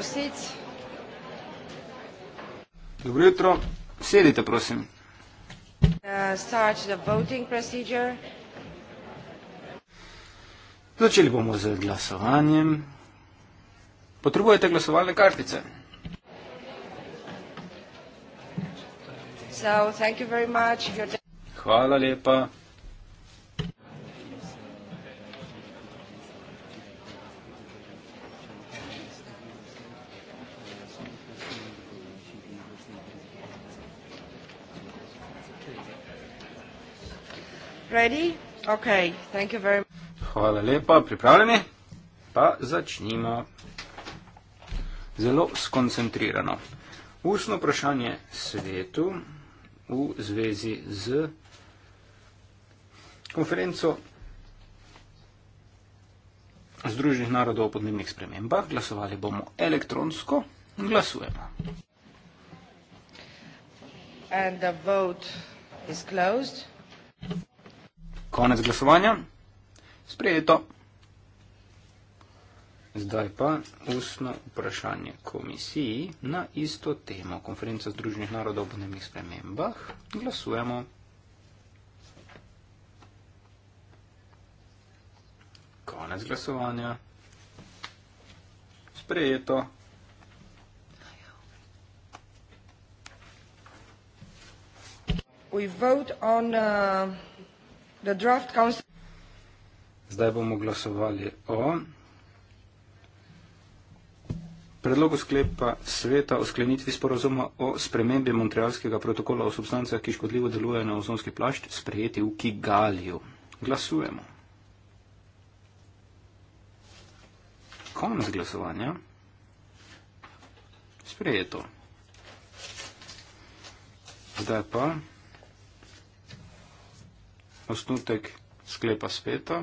prositi. Dobro jutro, sedite prosim. Uh, Začeli bomo z glasovanjem. Potrebujete glasovalne kartice? So, Hvala lepa. Ready? Okay. Thank you very Hvala lepa, pripravljeni. Pa začnimo. Zelo skoncentrirano. Ustno vprašanje svetu v zvezi z konferenco Združenih narodov o podnebnih spremembah. Glasovali bomo elektronsko. Glasujemo. And the vote is closed. Konec glasovanja. Sprejeto. Zdaj pa ustno vprašanje komisiji na isto temo. Konferenca Združenih narodov o podnebnih spremembah. Glasujemo. Konec glasovanja. Sprejeto. We vote on uh... Zdaj bomo glasovali o predlogu sklepa sveta o sklenitvi sporozuma o spremembi Montrealskega protokola o substancah, ki škodljivo delujejo na ozonski plašč, sprejeti v Kigaliju. Glasujemo. Konec glasovanja. Sprejeto. Zdaj pa osnutek sklepa sveta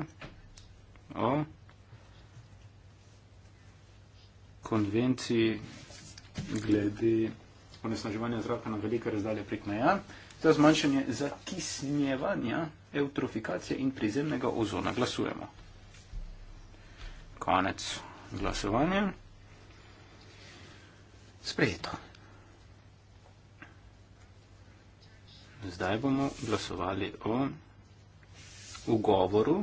o konvenciji glede onesnaževanja zraka na velike razdalje prek meja za zmanjšanje zakisnjevanja eutrofikacije in prizemnega ozona. Glasujemo. Konec glasovanja. Sprejeto. Zdaj bomo glasovali o v govoru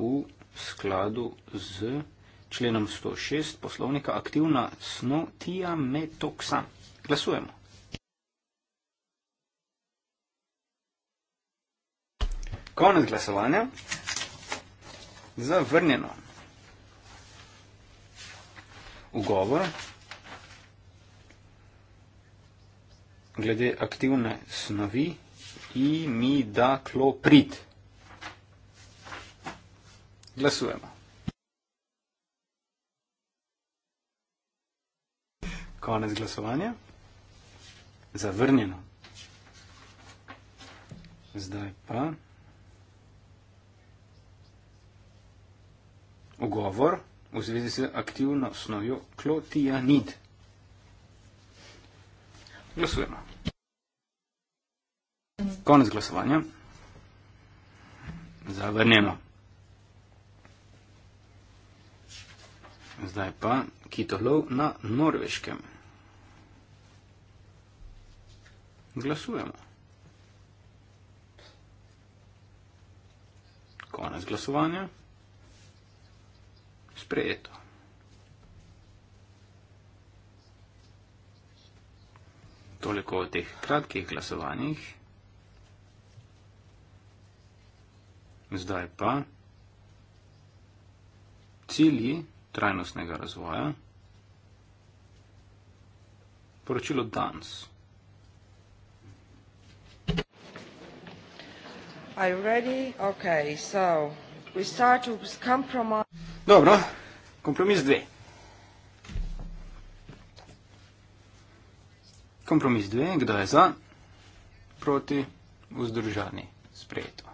v skladu z členom 106 poslovnika aktivna sno tiametoksan. Glasujemo. Konec glasovanja. Zavrnjeno. Ugovor glede aktivne snovi imidakloprid. da kloprit. Glasujemo. Konec glasovanja. Zavrnjeno. Zdaj pa. Ugovor v zvezi z aktivno snovjo klotijanid. Glasujemo. Konec glasovanja. Zavrnjeno. Zdaj pa kitolov na norveškem. Glasujemo. Konec glasovanja. Sprejeto. Toliko o teh kratkih glasovanjih. Zdaj pa cilji trajnostnega razvoja. Poročilo danes. Dobro, kompromis dve. Kompromis dve, kdo je za, proti, vzdržani, sprejeto.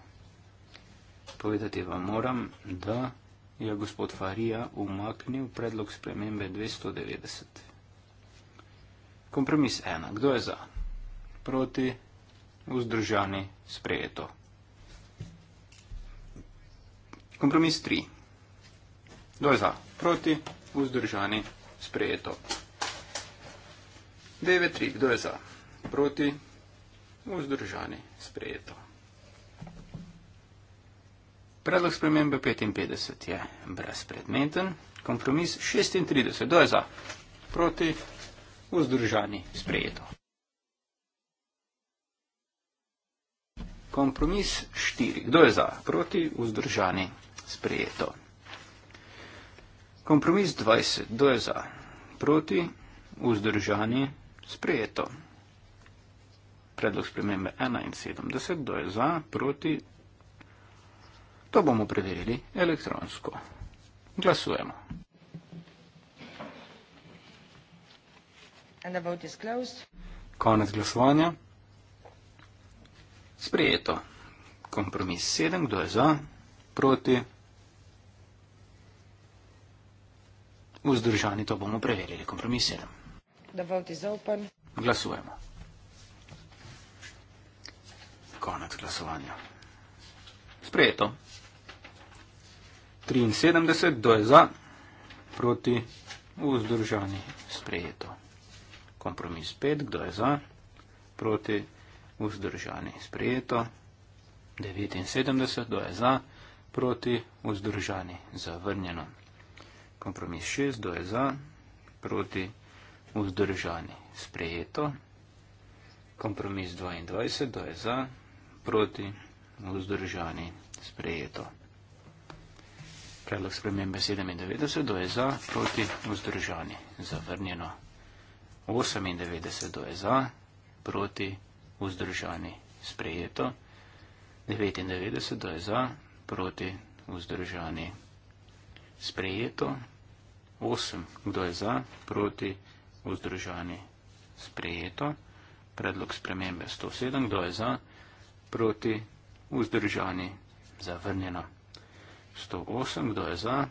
Povedati vam moram, da je gospod Farija umaknil predlog spremembe 290. Kompromis ena. Kdo je za? Proti? Vzdržani? Sprejeto. Kompromis tri. Kdo je za? Proti? Vzdržani? Sprejeto. Deve tri. Kdo je za? Proti? Vzdržani? Sprejeto. Predlog spremembe 55 je brezpredmeten, kompromis 36, kdo je za, proti, vzdržani, sprejeto. Kompromis 4, kdo je za, proti, vzdržani, sprejeto. Kompromis 20, kdo je za, proti, vzdržani, sprejeto. Predlog spremembe 71, kdo je za, proti, vzdržani, sprejeto. To bomo preverili elektronsko. Glasujemo. And the vote is closed. Konec glasovanja. Sprejeto. Kompromis 7. Kdo je za? Proti? Vzdržani to bomo preverili. Kompromis 7. The vote is open. Glasujemo. Konec glasovanja. Sprejeto. 73, kdo je za, proti, vzdržani, sprejeto. Kompromis 5, kdo je za, proti, vzdržani, sprejeto. 79, kdo je za, proti, vzdržani, zavrnjeno. Kompromis 6, kdo je za, proti, vzdržani, sprejeto. Kompromis 22, kdo je za, proti, vzdržani, sprejeto predlog spremembe 97, kdo je za, proti, vzdržani, zavrnjeno. 98, kdo je za, proti, vzdržani, sprejeto. 99, kdo je za, proti, vzdržani, sprejeto. 8, kdo je za, proti, vzdržani, sprejeto. Predlog spremembe 107, kdo je za, proti, vzdržani, zavrnjeno. 108, kdo je za,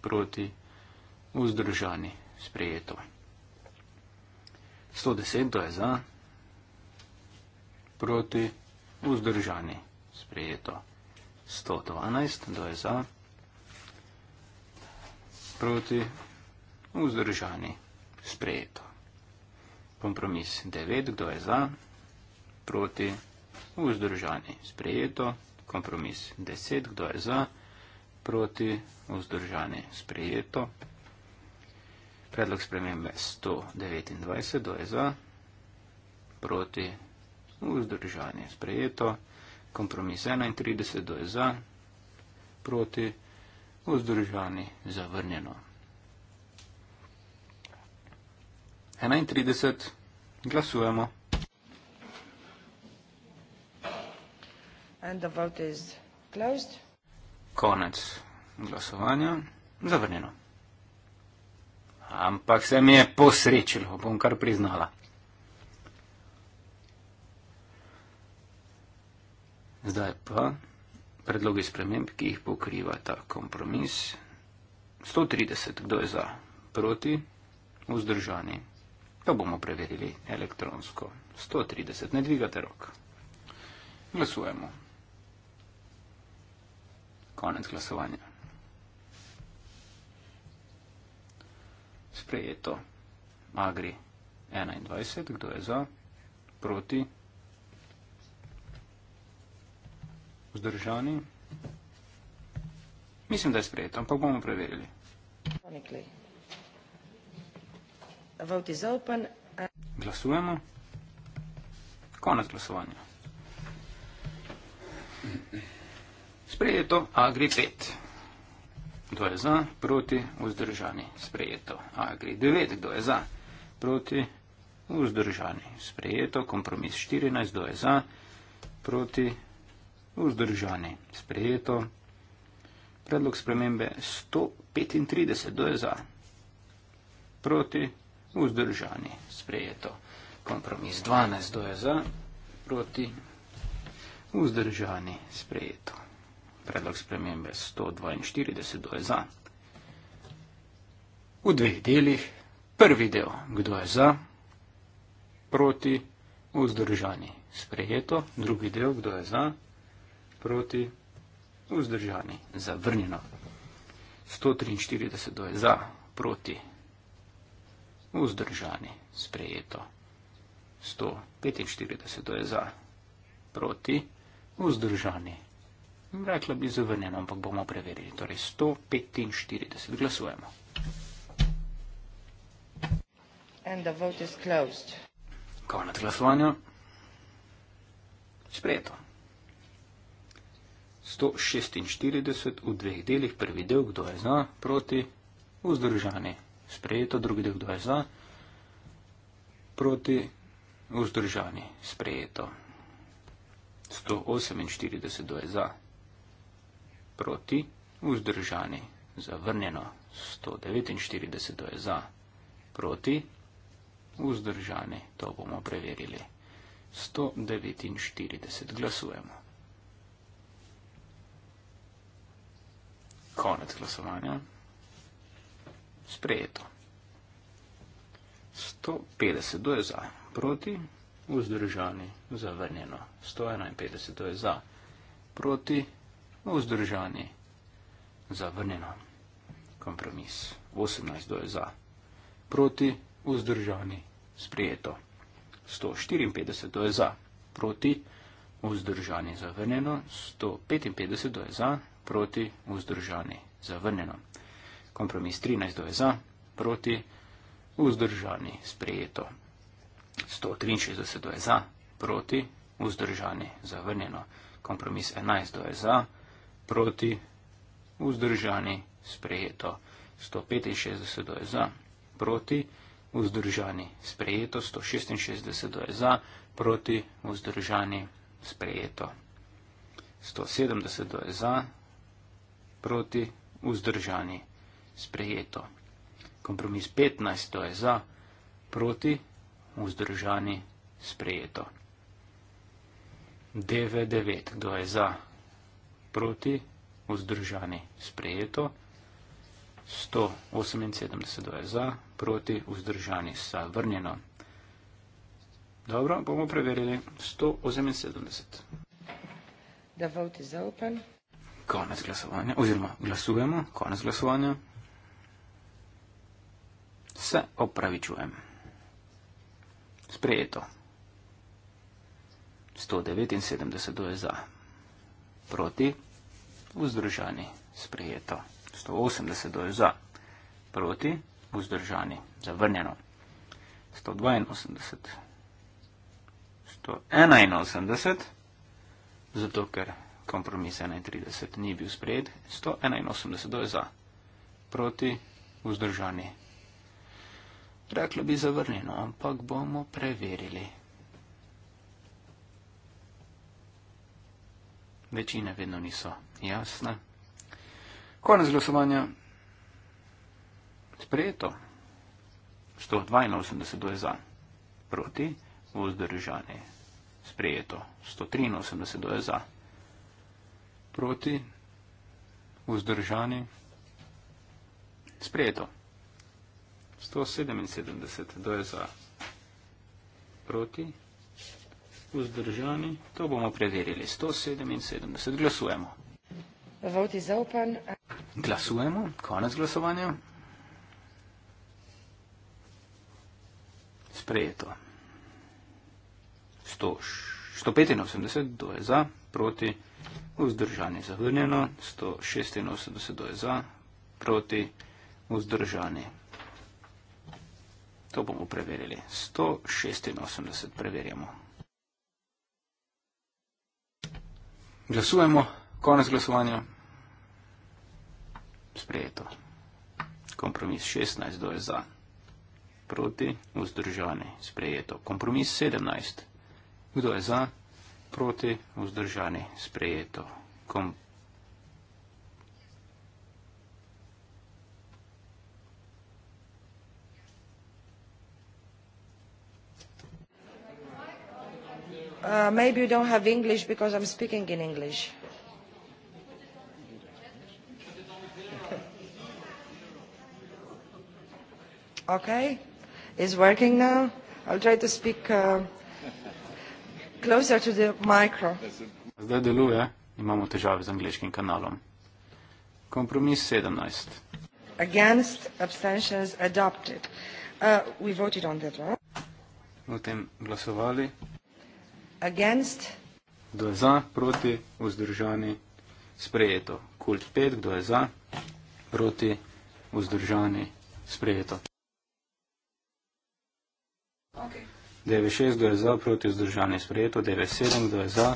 proti, vzdržani, sprejeto. 110, kdo je za, proti, vzdržani, sprejeto. 112, kdo je za, proti, vzdržani, sprejeto. Kompromis 9, kdo je za, proti, vzdržani, sprejeto. Kompromis 10, kdo je za, proti, vzdržani, sprejeto proti vzdržani sprejeto. Predlog spremembe 129, do je za, proti vzdržani sprejeto. Kompromis 31, do je za, proti vzdržani zavrnjeno. 31, glasujemo. And the vote is closed konec glasovanja. Zavrnjeno. Ampak se mi je posrečilo, bom kar priznala. Zdaj pa predlogi sprememb, ki jih pokriva ta kompromis. 130, kdo je za, proti, vzdržani. To bomo preverili elektronsko. 130, ne dvigate rok. Glasujemo. Ja konec glasovanja. Sprejeto. Agri 21. Kdo je za? Proti? Vzdržani? Mislim, da je sprejeto, ampak bomo preverili. Glasujemo. Konec glasovanja. Mm-hmm sprejeto, agri 5. Kdo je za, proti, vzdržani, sprejeto. Agri 9, kdo je za, proti, vzdržani, sprejeto. Kompromis 14, kdo je za, proti, vzdržani, sprejeto. Predlog spremembe 135, kdo je za, proti, vzdržani, sprejeto. Kompromis 12, kdo je za, proti, vzdržani, sprejeto predlog spremembe 142, kdo je za. V dveh delih, prvi del, kdo je za, proti, vzdržani, sprejeto, drugi del, kdo je za, proti, vzdržani, zavrnjeno. 143, kdo je za, proti, vzdržani, sprejeto. 145, kdo je za, proti, vzdržani, sprejeto. Rekla bi zavrnjeno, ampak bomo preverili. Torej 145 glasujemo. Konec glasovanja. Sprejeto. 146 v dveh delih, prvi del, kdo je za, proti, vzdržani. Sprejeto, drugi del, kdo je za, proti, vzdržani. Sprejeto. 148, kdo je za, proti, vzdržani, zavrnjeno, 149 je za, proti, vzdržani, to bomo preverili, 149 glasujemo. Konec glasovanja. Sprejeto. 150 je za, proti, vzdržani, zavrnjeno, 151 je za, proti, vzdržani, vzdržani, zavrnjeno. Kompromis 18 do je za, proti vzdržani, sprijeto. 154 do je za, proti vzdržani, zavrnjeno. 155 do je za, proti vzdržani, zavrnjeno. Kompromis 13 do je za, proti vzdržani, sprijeto. 163 do je za, proti vzdržani, zavrnjeno. Kompromis 11 do je za, proti vzdržani, sprijeto proti vzdržani sprejeto. 165 je za, proti vzdržani sprejeto. 166 je za, proti vzdržani sprejeto. 170 je za, proti vzdržani sprejeto. Kompromis 15 je za, proti vzdržani sprejeto. 9.9. Kdo je za proti, vzdržani, sprejeto. 178 je za, proti, vzdržani, zavrnjeno. Dobro, bomo preverili. 178. Da vote za open. Konec glasovanja, oziroma glasujemo, konec glasovanja. Se opravičujem. Sprejeto. 179 je za proti, vzdržani, sprejeto. 180 je za, proti, vzdržani, zavrnjeno. 182, 181, zato ker kompromis 31 ni bil sprejet, 181 je za, proti, vzdržani. Reklo bi zavrnjeno, ampak bomo preverili. večine vedno niso jasne. Konec glasovanja. Sprejeto. 182 do je za. Proti. Vzdržani. Sprejeto. 183 do je za. Proti. Vzdržani. Sprejeto. 177 do je za. Proti vzdržani. To bomo preverili. 177. Glasujemo. Voti zaupan. Glasujemo. Konec glasovanja. Sprejeto. 185 do je za, proti, vzdržani zavrnjeno, 186 do je za, proti, vzdržani. To bomo preverili. 186 preverjamo. Glasujemo, konec glasovanja. Sprejeto. Kompromis 16, kdo je za? Proti, vzdržani. Sprejeto. Kompromis 17, kdo je za? Proti, vzdržani. Sprejeto. Kompromis Uh, maybe you don't have English because I'm speaking in English. Okay, it's working now. I'll try to speak uh, closer to the micro. Zdaj deluje, imamo težave z angliškim kanalom. Kompromis 17. Against abstentions adopted. Uh, we voted on that, right? O tem glasovali against. Kdo je za, proti, vzdržani, sprejeto. Kult 5, kdo je za, proti, vzdržani, sprejeto. Okay. 96, kdo je za, proti, vzdržani, sprejeto. 97, kdo je za.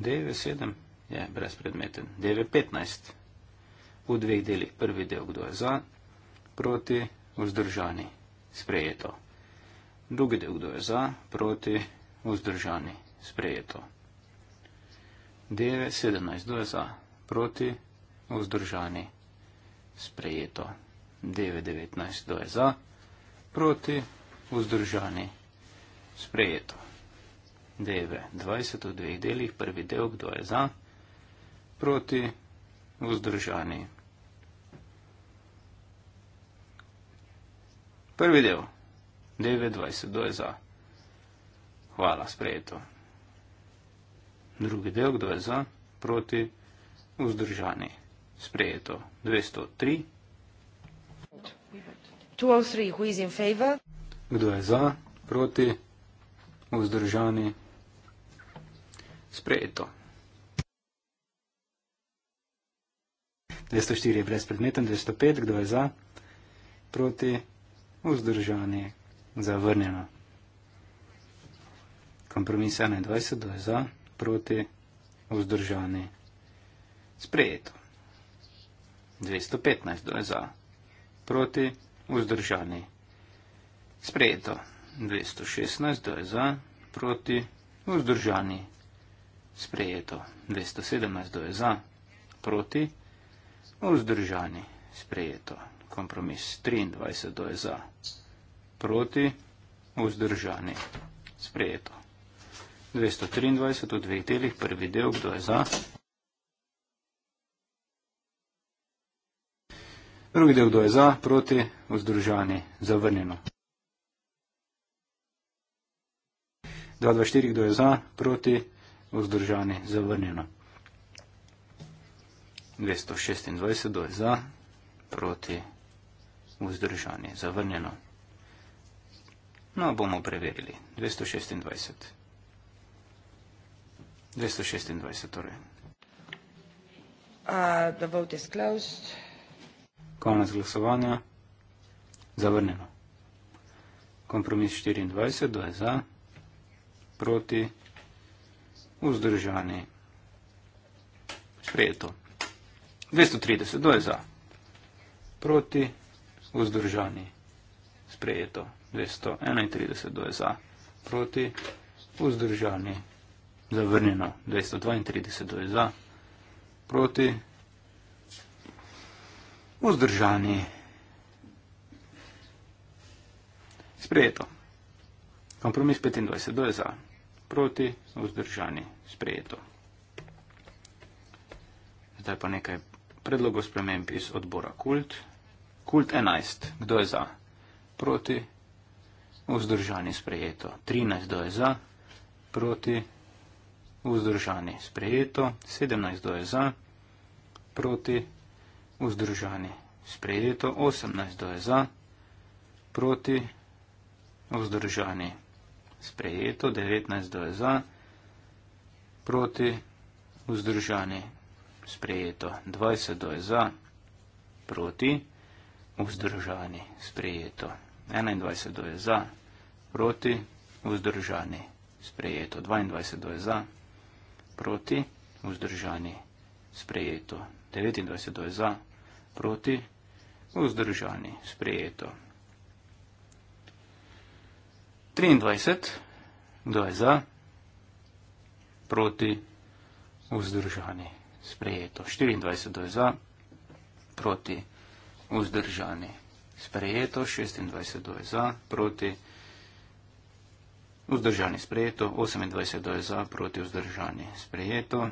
97 je brezpredmeten. 915 v dveh delih. Prvi del, kdo je za, proti, vzdržani, sprejeto drugi del, kdo je za, proti, vzdržani, sprejeto. 9, 17, kdo je za, proti, vzdržani, sprejeto. 9, 19, kdo je za, proti, vzdržani, sprejeto. 9, 20 v dveh delih, prvi del, kdo je za, proti, vzdržani. Prvi del. 29, kdo je za? Hvala, sprejeto. Drugi del, kdo je za? Proti, vzdržani. Sprejeto. 203. 203, kdo je za? Proti, vzdržani. Sprejeto. 204 je brezpredmeten, 205, kdo je za? Proti, vzdržani zavrnjeno. Kompromis 21, 2 za, proti, vzdržani, sprejeto. 215, 2 za, proti, vzdržani, sprejeto. 216, 2 za, proti, vzdržani, sprejeto. 217, 2 za, proti, vzdržani, sprejeto. Kompromis 23, 2 za, proti, vzdržani, sprejeto proti, vzdržani. Sprejeto. 223 v dveh delih, prvi del, kdo je za? Drugi del, kdo je za, proti, vzdržani, zavrnjeno. 224, kdo je za, proti, vzdržani, zavrnjeno. 226, kdo je za, proti, vzdržani, zavrnjeno. 227, kdo je za, proti, vzdržani, zavrnjeno. No, bomo preverili. 226. 226, torej. Uh, the vote is closed. Konec glasovanja. Zavrnjeno. Kompromis 24, 2 za, proti, vzdržani. Sprejeto. 230, 2 za, proti, vzdržani. Sprejeto. 231 do je za, proti, vzdržani, zavrnjeno, 232 do je za, proti, vzdržani, sprejeto. Kompromis 25 do je za, proti, vzdržani, sprejeto. Zdaj pa nekaj predlogov sprememb iz odbora KULT. KULT 11, kdo je za? Proti, vzdržani vzdržani sprejeto. 13 do je za, proti, vzdržani sprejeto. 17 do je za, proti, vzdržani sprejeto. 18 do je za, proti, vzdržani sprejeto. 19 do je za, proti, vzdržani sprejeto. 20 do je za, proti, vzdržani sprejeto. 21 do je za, proti, vzdržani sprejeto proti, vzdržani, sprejeto. 22 do je za, proti, vzdržani, sprejeto. 29 do je za, proti, vzdržani, sprejeto. 23 do je za, proti, vzdržani, sprejeto. 24 do je za, proti, vzdržani, sprejeto. 26 do je za, proti, vzdržani, sprejeto. Vzdržani sprejeto, 28 do je za, proti vzdržani sprejeto.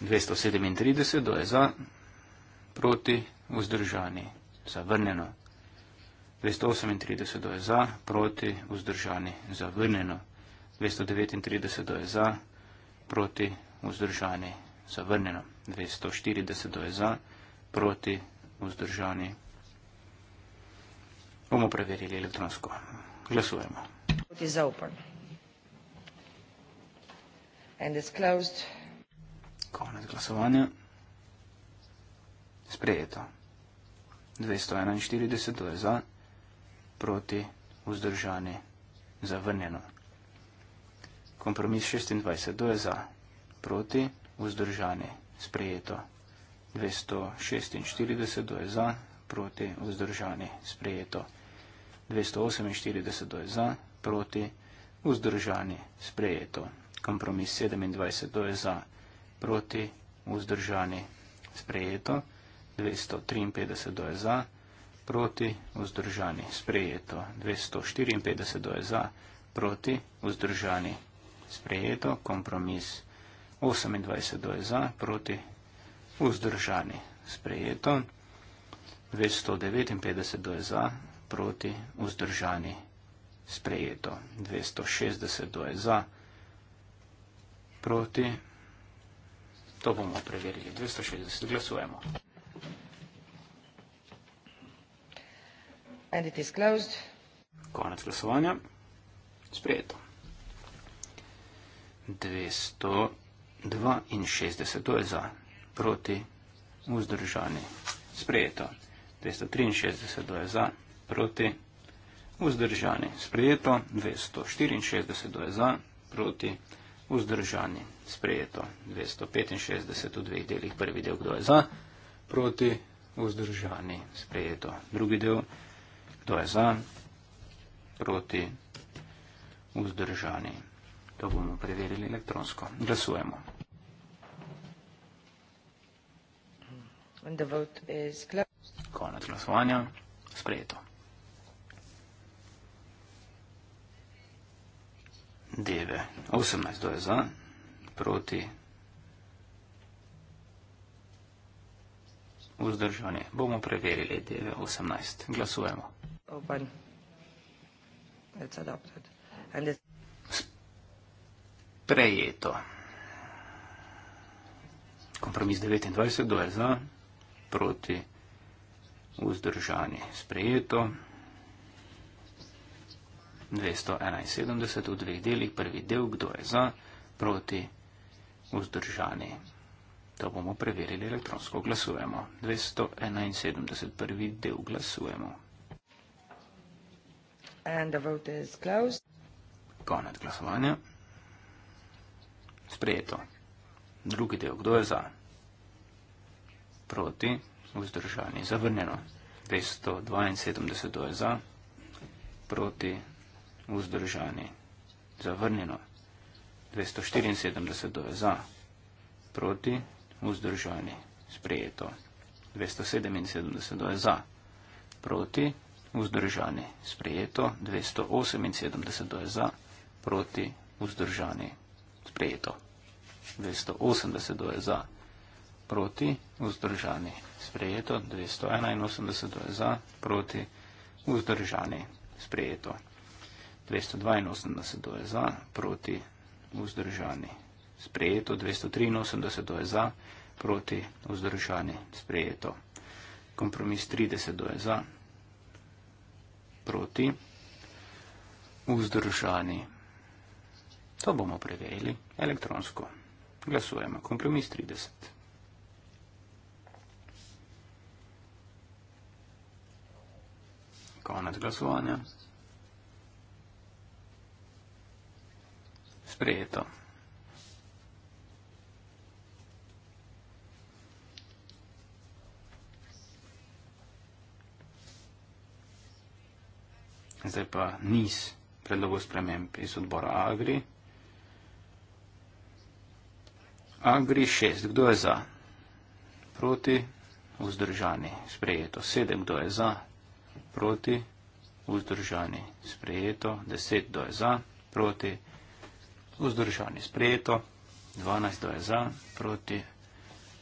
237 do je za, proti vzdržani zavrnjeno. 238 do je za, proti vzdržani zavrnjeno. 239 do je za, proti vzdržani zavrnjeno. 240 do je za, proti vzdržani zavrnjeno. Bomo preverili elektronsko. Glasujemo. Konec glasovanja. Sprejeto. 241 to je za, proti, vzdržani, zavrnjeno. Kompromis 26 to je za, proti, vzdržani, sprejeto. 246 to je za, proti, vzdržani, sprejeto. 248 do je za, proti, vzdržani, sprejeto. Kompromis 27 do je za, proti, vzdržani, sprejeto. 253 do je za, proti, vzdržani, sprejeto. 254 do je za, proti, vzdržani, sprejeto. Kompromis 28 do je za, proti, vzdržani, sprejeto. 259 do je za, proti, vzdržani, sprejeto. 260 do je za, proti, to bomo preverili. 260, glasujemo. And it is closed. Konec glasovanja, sprejeto. 262 do je za, proti, vzdržani, sprejeto. 263 je za, proti, vzdržani, sprejeto, 264 je za, proti, vzdržani, sprejeto, 265 v dveh delih, prvi del, kdo je za, proti, vzdržani, sprejeto, drugi del, kdo je za, proti, vzdržani. To bomo preverili elektronsko. Glasujemo. And the vote is closed. Konec glasovanja. Sprejeto. 9. 18. To je za. Proti. Vzdržanje. Bomo preverili. 9. 18. Glasujemo. Open. It's adopted. And it's... Sprejeto. Kompromis 29. To je za. Proti vzdržani. Sprejeto. 271 v dveh delih, prvi del, kdo je za, proti, vzdržani. To bomo preverili elektronsko. Glasujemo. 271 prvi del, glasujemo. Konec glasovanja. Sprejeto. Drugi del, kdo je za, proti, vzdržani vzdržani. Zavrnjeno 572 do je za, proti vzdržani. Zavrnjeno 274 do je za, proti vzdržani. Sprejeto 277 do je za, proti vzdržani. Sprejeto 278 do je za, proti vzdržani. Sprejeto 280 do je za, proti vzdržani proti, vzdržani. Sprejeto 281 za, proti, vzdržani. Sprejeto 282 za, proti, vzdržani. Sprejeto 283 za, proti, vzdržani. Sprejeto. Kompromis 30 za, proti, vzdržani. To bomo preverili elektronsko. Glasujemo. Kompromis 30. Konec glasovanja. Sprejeto. Zdaj pa niz predlogov sprememb iz odbora Agri. Agri 6. Kdo je za? Proti? Vzdržani. Sprejeto. 7. Kdo je za? proti, vzdržani, sprejeto, 10 do je za, proti, vzdržani, sprejeto, 12 do je za, proti,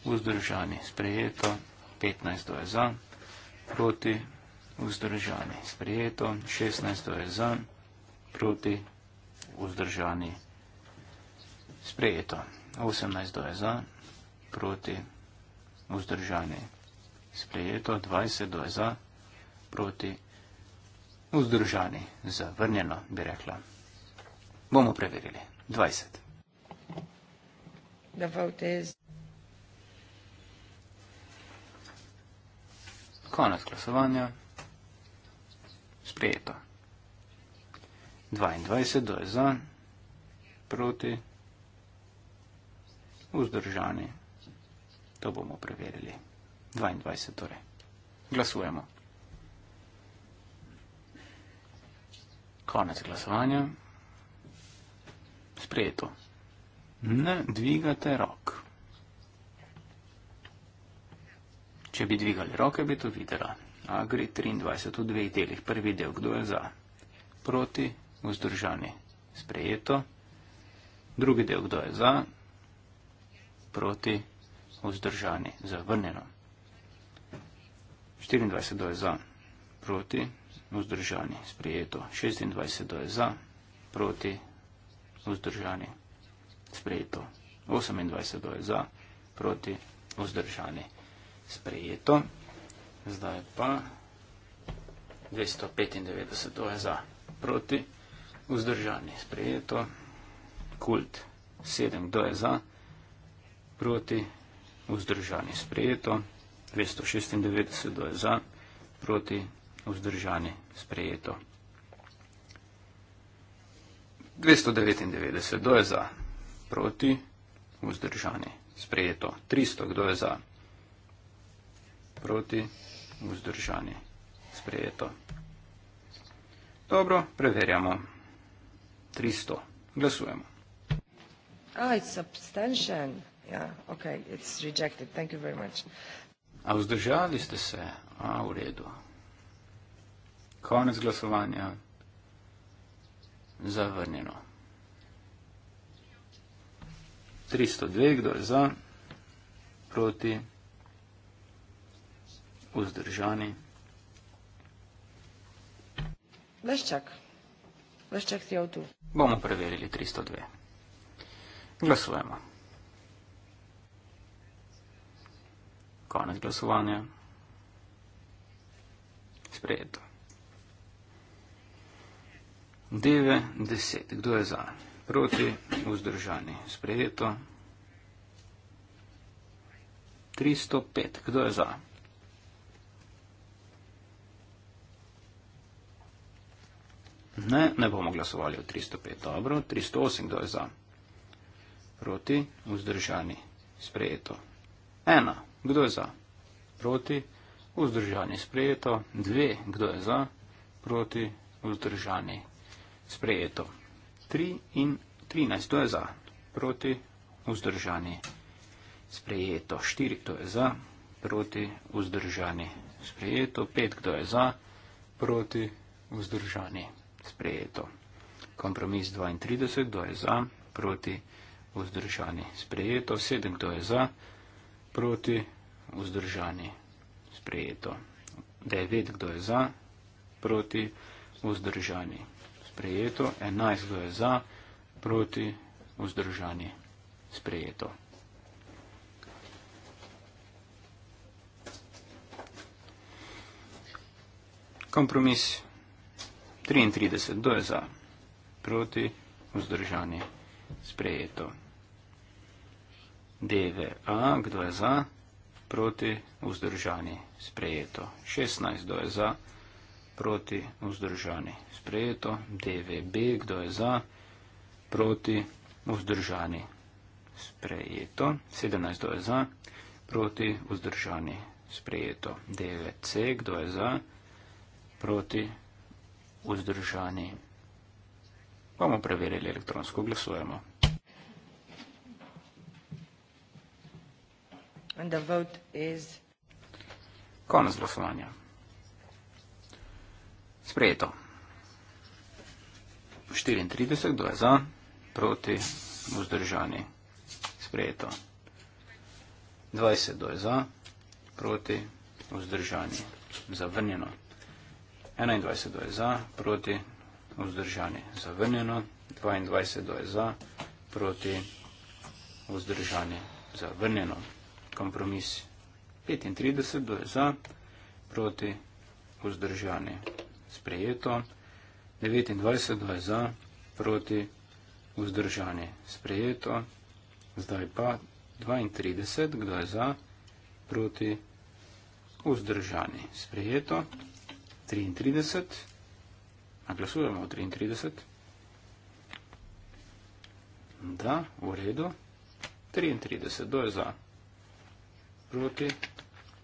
vzdržani, sprejeto, 15 do je za, proti, vzdržani, sprejeto, 16 do je za, proti, vzdržani, sprejeto, 18 do je za, proti, vzdržani, sprejeto, 20 do je za, proti, proti vzdržani, zavrnjeno, bi rekla. Bomo preverili. 20. Konec glasovanja. Sprejeto. 22, kdo je za, proti, vzdržani. To bomo preverili. 22, torej. Glasujemo. Konec glasovanja. Sprejeto. Ne dvigate rok. Če bi dvigali roke, bi to videla. A gre 23 v dveh delih. Prvi del, kdo je za? Proti, vzdržani. Sprejeto. Drugi del, kdo je za? Proti, vzdržani. Zavrnjeno. 24 do je za. Proti vzdržani, sprejeto. 26 je za, proti, vzdržani, sprejeto. 28 je za, proti, vzdržani, sprejeto. Zdaj pa 295 je za, proti, vzdržani, sprejeto. Kult 7 je za, proti, vzdržani, sprejeto. 296 je za, proti, vzdržani vzdržane, sprejeto. 299, kdo je za, proti, vzdržane, sprejeto. 300, kdo je za, proti, vzdržane, sprejeto. Dobro, preverjamo. 300, glasujemo. Oh, it's abstention. Yeah, okay, it's rejected. Thank you very much. A vzdržali ste se? A, v redu. Konec glasovanja. Zavrnjeno. 302, kdo je za, proti, vzdržani. Veščak, veščak si je tu. Bomo preverili 302. Glasujemo. Konec glasovanja. Sprejeto. Deve 10. Kdo je za? Proti, vzdržani. Sprejeto. 305. Kdo je za? Ne, ne bomo glasovali o 305. Dobro. 308. Kdo je za? Proti, vzdržani. Sprejeto. 1. Kdo je za? Proti, vzdržani. Sprejeto. 2. Kdo je za? Proti, vzdržani sprejeto. 3 in 13, to je za, proti, vzdržani, sprejeto. 4, to je za, proti, vzdržani, sprejeto. 5, kdo je za, proti, vzdržani, sprejeto. Kompromis 32, kdo je za, proti, vzdržani, sprejeto. 7, kdo je za, proti, vzdržani, sprejeto. 9, kdo je za, proti, vzdržani, sprejeto sprejeto, 11 je za, proti vzdržani sprejeto. Kompromis 33, do je za, proti vzdržani sprejeto. DVA, kdo je za, proti vzdržani sprejeto. 16, kdo je za, proti vzdržani sprejeto proti vzdržani. Sprejeto DVB, kdo je za, proti vzdržani. Sprejeto 17, kdo je za, proti vzdržani. Sprejeto DVC, kdo je za, proti vzdržani. Bomo preverili elektronsko glasujemo. And the vote is... Konec glasovanja. Sprejeto. 34, kdo je za, proti, vzdržani. Sprejeto. 20, kdo je za, proti, vzdržani. Zavrnjeno. 21, kdo je za, proti, vzdržani. Zavrnjeno. 22, kdo je za, proti, vzdržani. Zavrnjeno. Kompromis. 35, kdo je za, proti, vzdržani. Zavrnjeno sprejeto, 29 za, proti, vzdržani, sprejeto, zdaj pa 32, kdo je za, proti, vzdržani, sprejeto, 33, naglasujemo 33, da, v redu, 33, kdo je za, proti,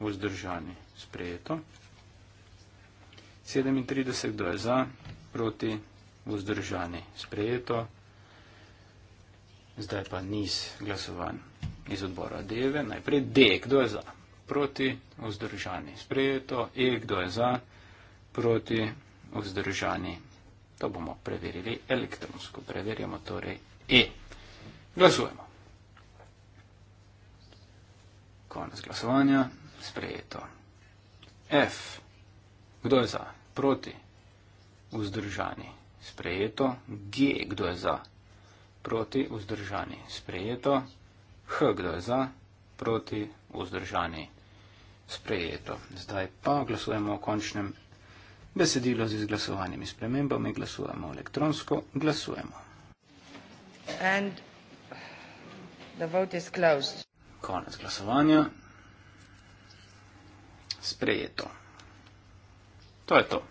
vzdržani, sprejeto, 33, 37, kdo je za, proti, vzdržani, sprejeto. Zdaj pa niz glasovanj iz odbora deve. Najprej D, kdo je za, proti, vzdržani, sprejeto. E, kdo je za, proti, vzdržani. To bomo preverili elektronsko. Preverjamo torej E. Glasujemo. Konec glasovanja, sprejeto. F, kdo je za? proti, vzdržani, sprejeto, G, kdo je za, proti, vzdržani, sprejeto, H, kdo je za, proti, vzdržani, sprejeto. Zdaj pa glasujemo o končnem besedilu z izglasovanimi spremembami, glasujemo elektronsko, glasujemo. And the vote is closed. Konec glasovanja. Sprejeto. To je to.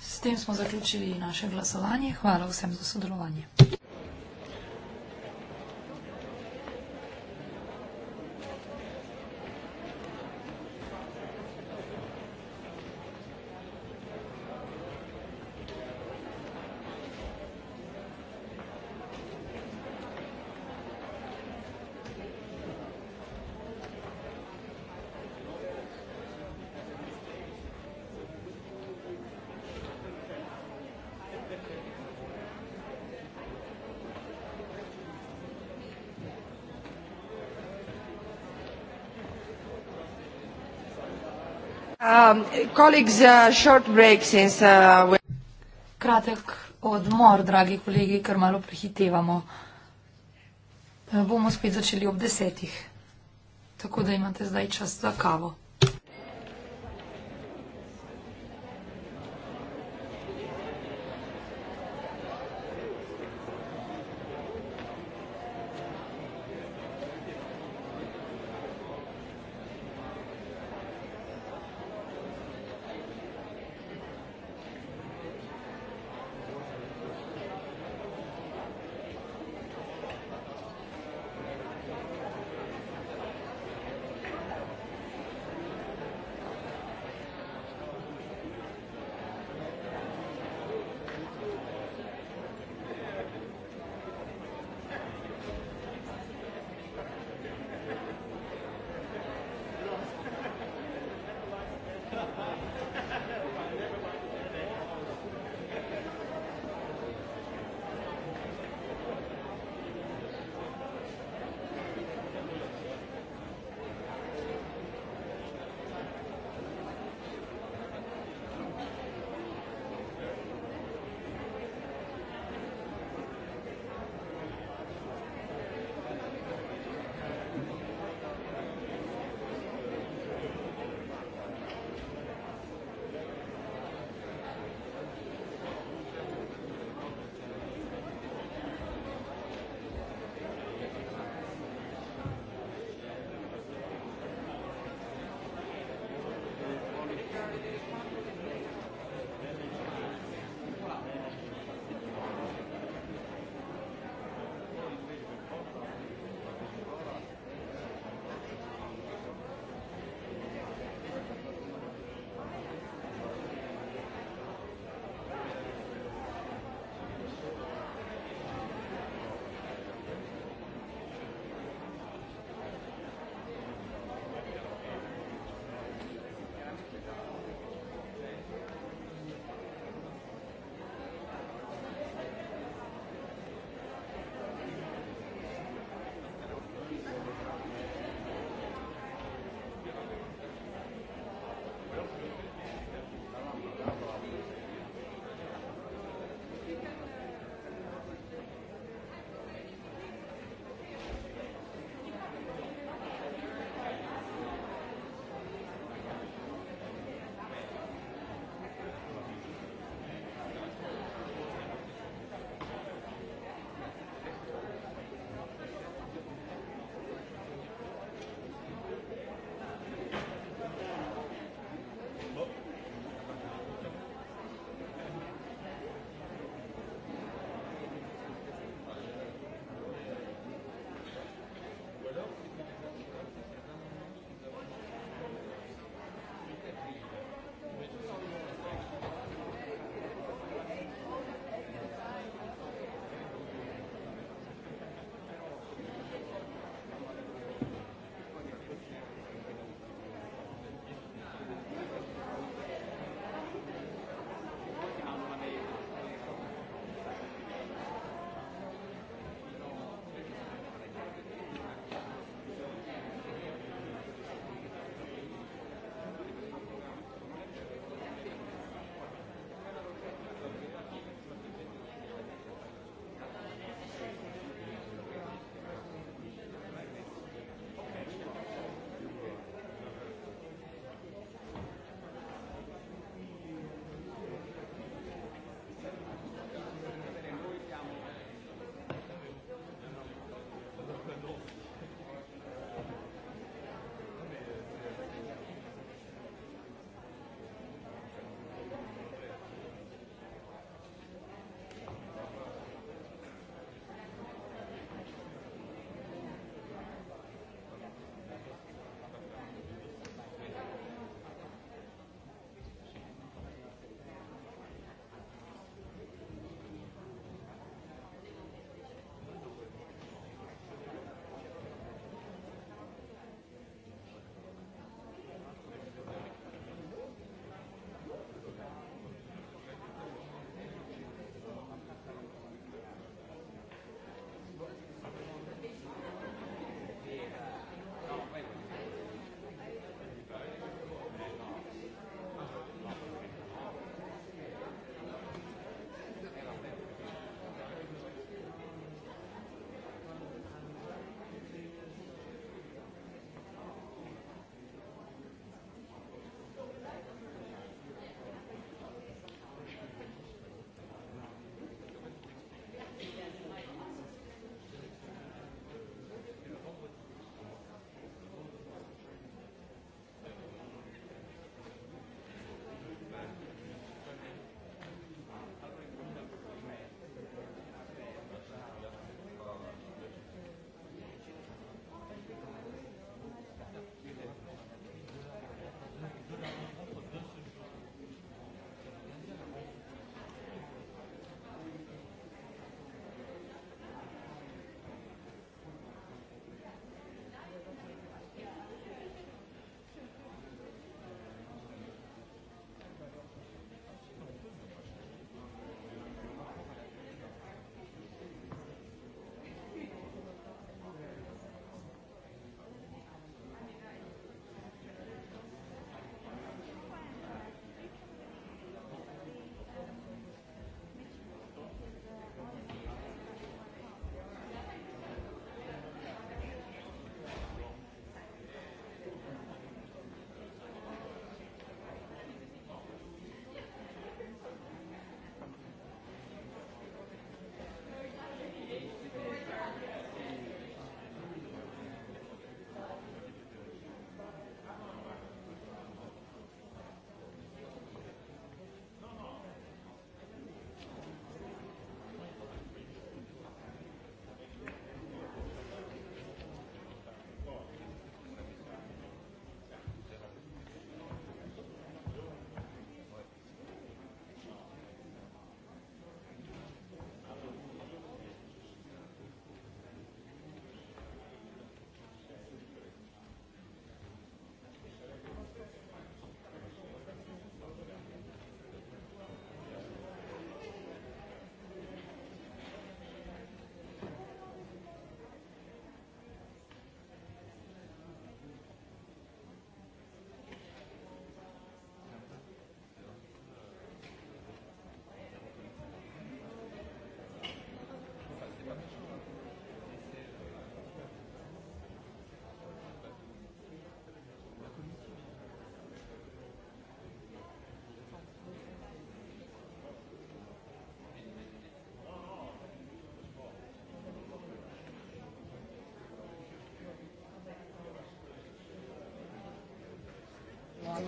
S tem smo zaključili naše glasovanje. Hvala vsem za sodelovanje. um, colleagues, a uh, short break since uh, we... Kratek odmor, dragi kolegi, ker malo prehitevamo. Bomo spet začeli ob desetih. Tako da imate zdaj čas za kavo.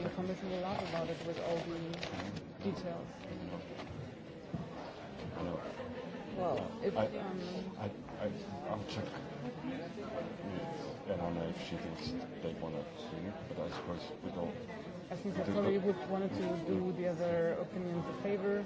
the commission will laugh about it with all the details. No. Well, if I, um, I, I, I'll check with Anna if she thinks they want to see it, but I suppose we don't. I think that's probably would want to do the other opinions a favor.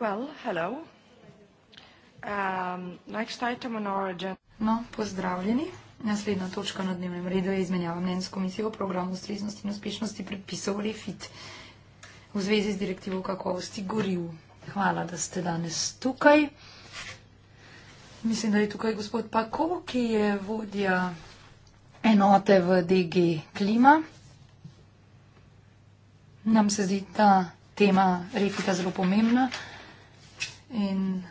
Well, hello. Um, next item on our agenda. No, pozdravljeni. Naslednja točka na dnevnem redu je izmenjava mnen s komisijo o programu ustreznosti in uspešnosti predpisov REFIT v zvezi z direktivo kakovosti goriv. Hvala, da ste danes tukaj. Mislim, da je tukaj gospod Pako, ki je vodja enote v DG Klima. Nam se zdi ta tema REFIT-a zelo pomembna in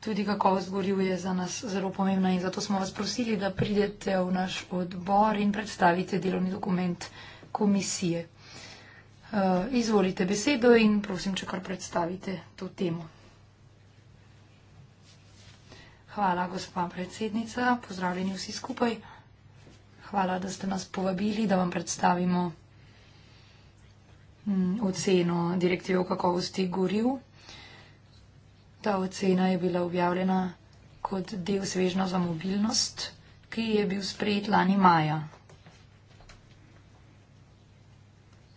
tudi kakovost goriv je za nas zelo pomembna in zato smo vas prosili, da pridete v naš odbor in predstavite delovni dokument komisije. Uh, izvolite besedo in prosim, če kar predstavite to temo. Hvala, gospa predsednica. Pozdravljeni vsi skupaj. Hvala, da ste nas povabili, da vam predstavimo m, mm, oceno direktive o kakovosti goriv. Ta ocena je bila objavljena kot del svežna za mobilnost, ki je bil sprejet lani maja.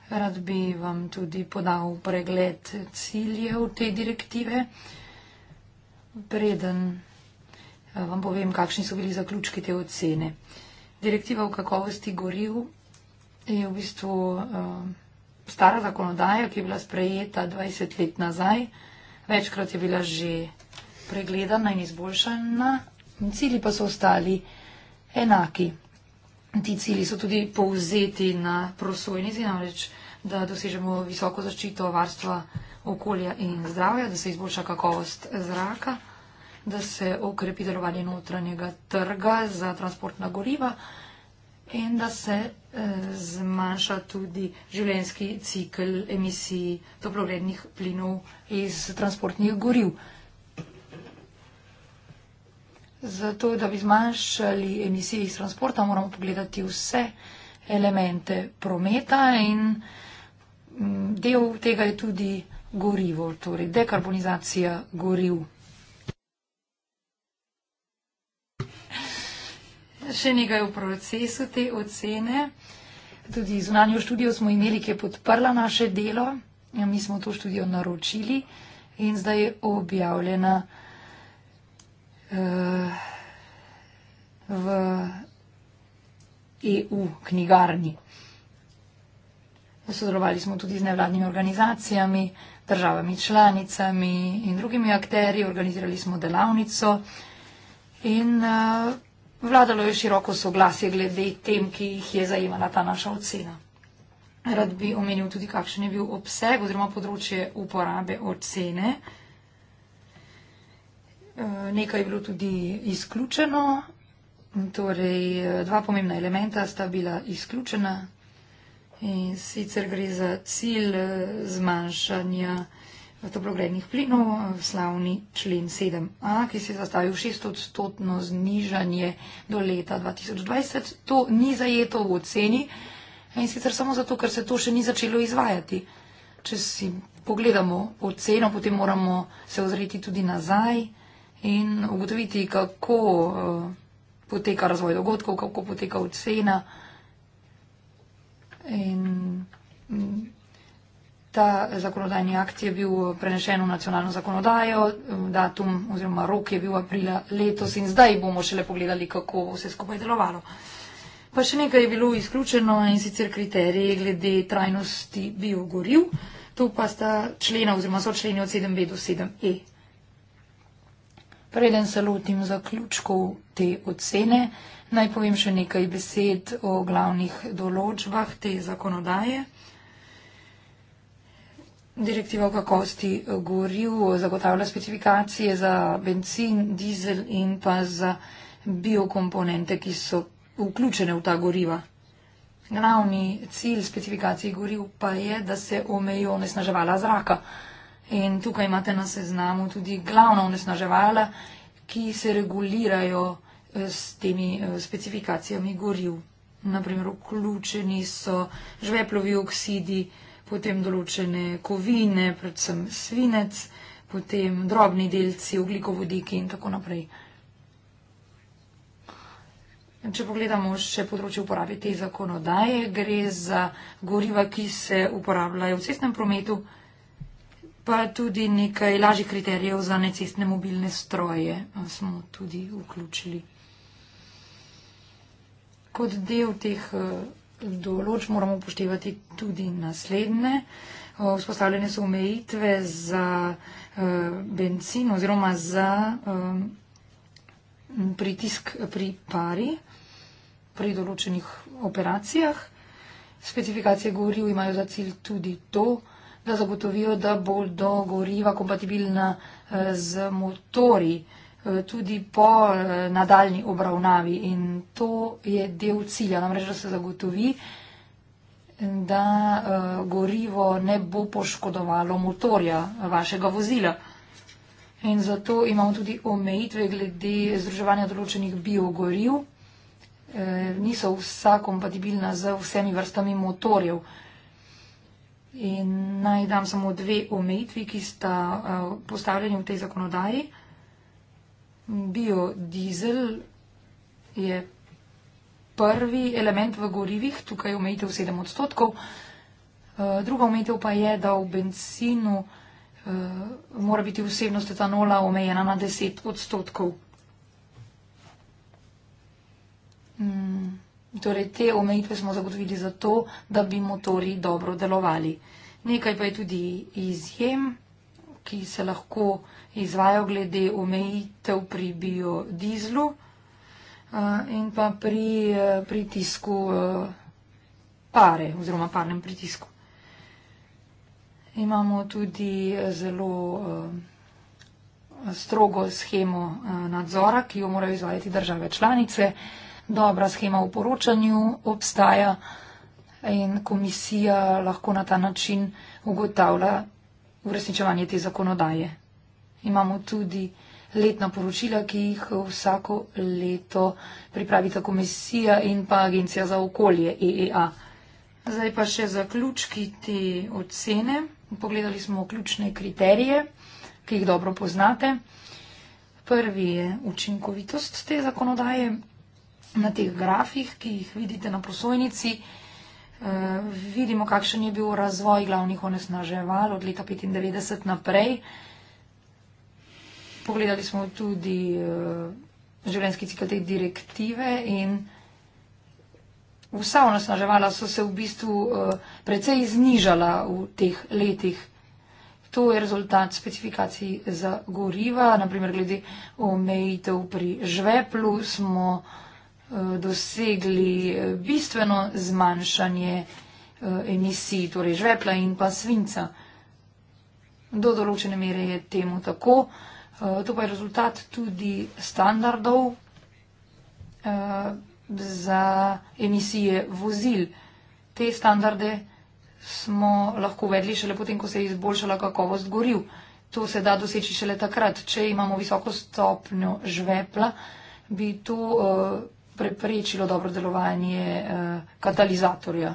Rad bi vam tudi podal pregled ciljev te direktive. Preden eh, vam povem, kakšni so bili zaključki te ocene. Direktiva o kakovosti goril je v bistvu uh, stara zakonodaja, ki je bila sprejeta 20 let nazaj. Uh, Večkrat je bila že pregledana in izboljšana, cilji pa so ostali enaki. Ti cilji so tudi povzeti na prosojnici, namreč, da dosežemo visoko zaščito varstva okolja in zdravja, da se izboljša kakovost zraka, da se okrepi delovanje notranjega trga za transportna goriva in da se eh, zmanjša tudi življenski cikl emisij toplogrednih plinov iz transportnih goriv. Zato, da bi zmanjšali emisije iz transporta, moramo pogledati vse elemente prometa in mm, del tega je tudi gorivo, torej dekarbonizacija goriv. še nekaj v procesu te ocene. Tudi zunanjo študijo smo imeli, ki je podprla naše delo. Ja, mi smo to študijo naročili in zdaj je objavljena uh, v EU knjigarni. Sodelovali smo tudi z nevladnimi organizacijami, državami članicami in drugimi akteri. Organizirali smo delavnico in uh, Vladalo je široko soglasje glede tem, ki jih je zajemala ta naša ocena. Rad bi omenil tudi, kakšen je bil obseg oziroma področje uporabe ocene. E, nekaj je bilo tudi izključeno, torej e, dva pomembna elementa sta bila izključena in sicer gre za cilj e, zmanjšanja toplogrednih plinov, slavni člen 7a, ki se je zastavil 6 odstotno znižanje do leta 2020. To ni zajeto v oceni in sicer samo zato, ker se to še ni začelo izvajati. Če si pogledamo oceno, potem moramo se ozreti tudi nazaj in ugotoviti, kako eh, poteka razvoj dogodkov, kako poteka ocena. In mm, ta zakonodajni akt je bil prenešen v nacionalno zakonodajo, datum oziroma rok je bil aprila letos in zdaj bomo šele pogledali, kako vse skupaj delovalo. Pa še nekaj je bilo izključeno in sicer kriterije glede trajnosti biogoriv, tu pa sta člena oziroma so členi od 7b do 7e. Preden se lotim zaključkov te ocene, naj povem še nekaj besed o glavnih določbah te zakonodaje. Direktiva o kakosti eh, goril zagotavlja specifikacije za benzin, dizel in pa za biokomponente, ki so vključene v ta goriva. Glavni cilj specifikacij goril pa je, da se omejijo onesnaževala zraka. In tukaj imate na seznamu tudi glavna onesnaževala, ki se regulirajo eh, s temi eh, specifikacijami goril. Naprimer, vključeni so žveplovi oksidi, potem določene kovine, predvsem svinec, potem drobni delci, oglikovodiki in tako naprej. Če pogledamo še področje uporabe te zakonodaje, gre za goriva, ki se uporabljajo v cestnem prometu, pa tudi nekaj lažjih kriterijev za necestne mobilne stroje smo tudi vključili. Kot del teh eh, določ moramo upoštevati tudi naslednje. Vzpostavljene so omejitve za eh, benzin oziroma za eh, pritisk pri pari pri določenih operacijah. Specifikacije goriv imajo za cilj tudi to, da zagotovijo, da bodo goriva kompatibilna eh, z motori. Eh, tudi po eh, nadaljni obravnavi. In to je del cilja, namreč, da se zagotovi, da eh, gorivo ne bo poškodovalo motorja vašega vozila. In zato imamo tudi omejitve glede združevanja določenih biogoriv. Niso vsa kompatibilna z vsemi vrstami motorjev. In naj dam samo dve omejitvi, ki sta postavljeni v tej zakonodaji biodizel je prvi element v gorivih, tukaj omejitev 7 odstotkov. Eh, druga omejitev pa je, da v benzinu eh, mora biti vsebnost etanola omejena na 10 odstotkov. Mm, torej, te omejitve smo zagotovili zato, da bi motori dobro delovali. Nekaj pa je tudi izjem, ki se lahko izvajal glede omejitev pri biodizlu eh, in pa pri eh, pritisku eh, pare oziroma parnem pritisku. Imamo tudi zelo strogo schemo nadzora, ki jo morajo izvajati države članice. Dobra schema v poročanju obstaja in komisija lahko na ta način ugotavlja uresničevanje te zakonodaje. Imamo tudi letna poročila, ki jih vsako leto pripravita komisija in pa agencija za okolje EEA. Zdaj pa še zaključki te ocene. Pogledali smo ključne kriterije, ki jih dobro poznate. Prvi je učinkovitost te zakonodaje. Na teh grafih, ki jih vidite na prosojnici, eh, vidimo, kakšen je bil razvoj glavnih onesnaževal od leta 1995 naprej pogledali smo tudi uh, življenjski cikl te direktive in vsa onesnaževala so se v bistvu uh, precej znižala v teh letih. To je rezultat specifikacij za goriva, naprimer glede omejitev pri žveplu smo eh, dosegli bistveno zmanjšanje emisij, torej žvepla in pa svinca. Do določene mere je temu tako. Eh, to pa je rezultat tudi standardov eh, za emisije vozil. Te standarde smo lahko uvedli šele potem, ko se je izboljšala kakovost goriv. To se da doseči šele takrat. Če imamo visoko stopnjo žvepla, bi to eh, preprečilo dobro delovanje katalizatorja.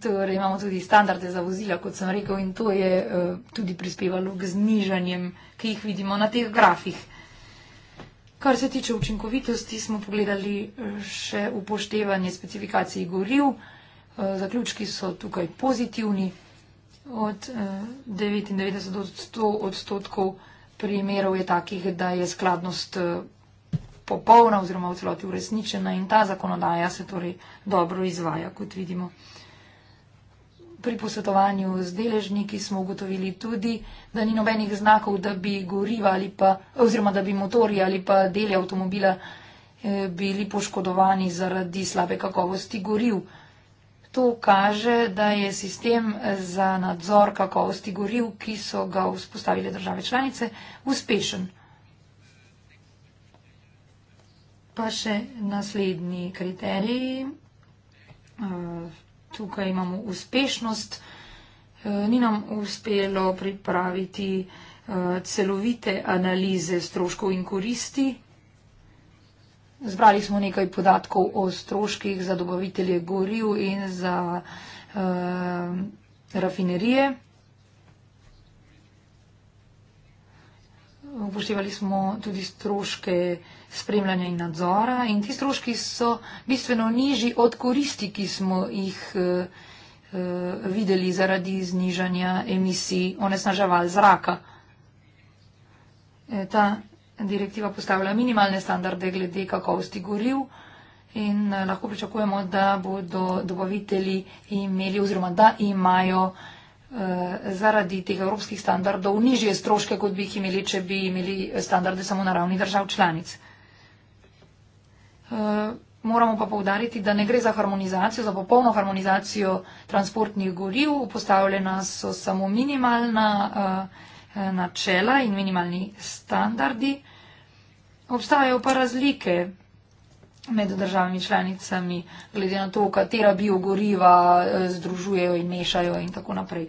Torej imamo tudi standarde za vozila, kot sem rekel, in to je uh, tudi prispevalo k znižanjem, ki jih vidimo na teh grafih. Kar se tiče učinkovitosti, smo pogledali eh, še upoštevanje specifikacij goriv. Eh, zaključki so tukaj pozitivni. Od 99 odstotkov primerov je takih, da je skladnost popolna oziroma v celoti uresničena in ta zakonodaja se torej dobro izvaja, kot vidimo pri posvetovanju z deležniki smo ugotovili tudi, da ni nobenih znakov, da bi goriva ali pa, oziroma da bi motori ali pa deli avtomobila eh, bili poškodovani zaradi slabe kakovosti goriv. To kaže, da je sistem eh, za nadzor kakovosti goriv, ki so ga vzpostavile države članice, uspešen. Pa še naslednji kriterij. Uh, tukaj imamo uspešnost. E, ni nam uspelo pripraviti e, celovite analize stroškov in koristi. Zbrali smo nekaj podatkov o stroških za dobavitelje goriv in za uh, rafinerije. Upoštevali smo tudi stroške uh, spremljanja in nadzora in ti stroški so bistveno nižji od koristi, ki smo jih uh, uh, videli zaradi znižanja emisij onesnaževal zraka. E, ta direktiva postavlja minimalne standarde glede kakovosti goriv in uh, lahko pričakujemo, da bodo dobavitelji imeli oziroma da imajo zaradi teh evropskih standardov nižje stroške, kot bi jih imeli, če bi imeli standarde samo na ravni držav članic. Eh, moramo pa povdariti, da ne gre za harmonizacijo, za popolno harmonizacijo transportnih goriv. Postavljena so samo minimalna eh, eh, načela in minimalni standardi. Obstajajo pa razlike med državami članicami, glede na to, katera biogoriva združujejo in mešajo in tako naprej.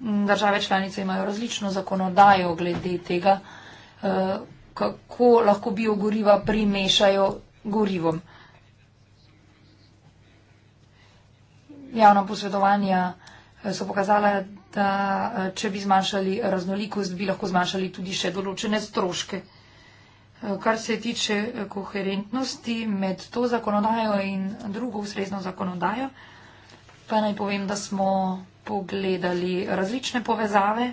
Države članice imajo različno zakonodajo glede tega, kako lahko biogoriva primešajo gorivom. Javna posvetovanja eh, so pokazala, da eh, če bi zmanjšali raznolikost, bi lahko zmanjšali tudi še določene stroške. Eh, kar se tiče koherentnosti med to zakonodajo in drugo ustrezno zakonodajo, pa naj povem, da smo pogledali različne povezave.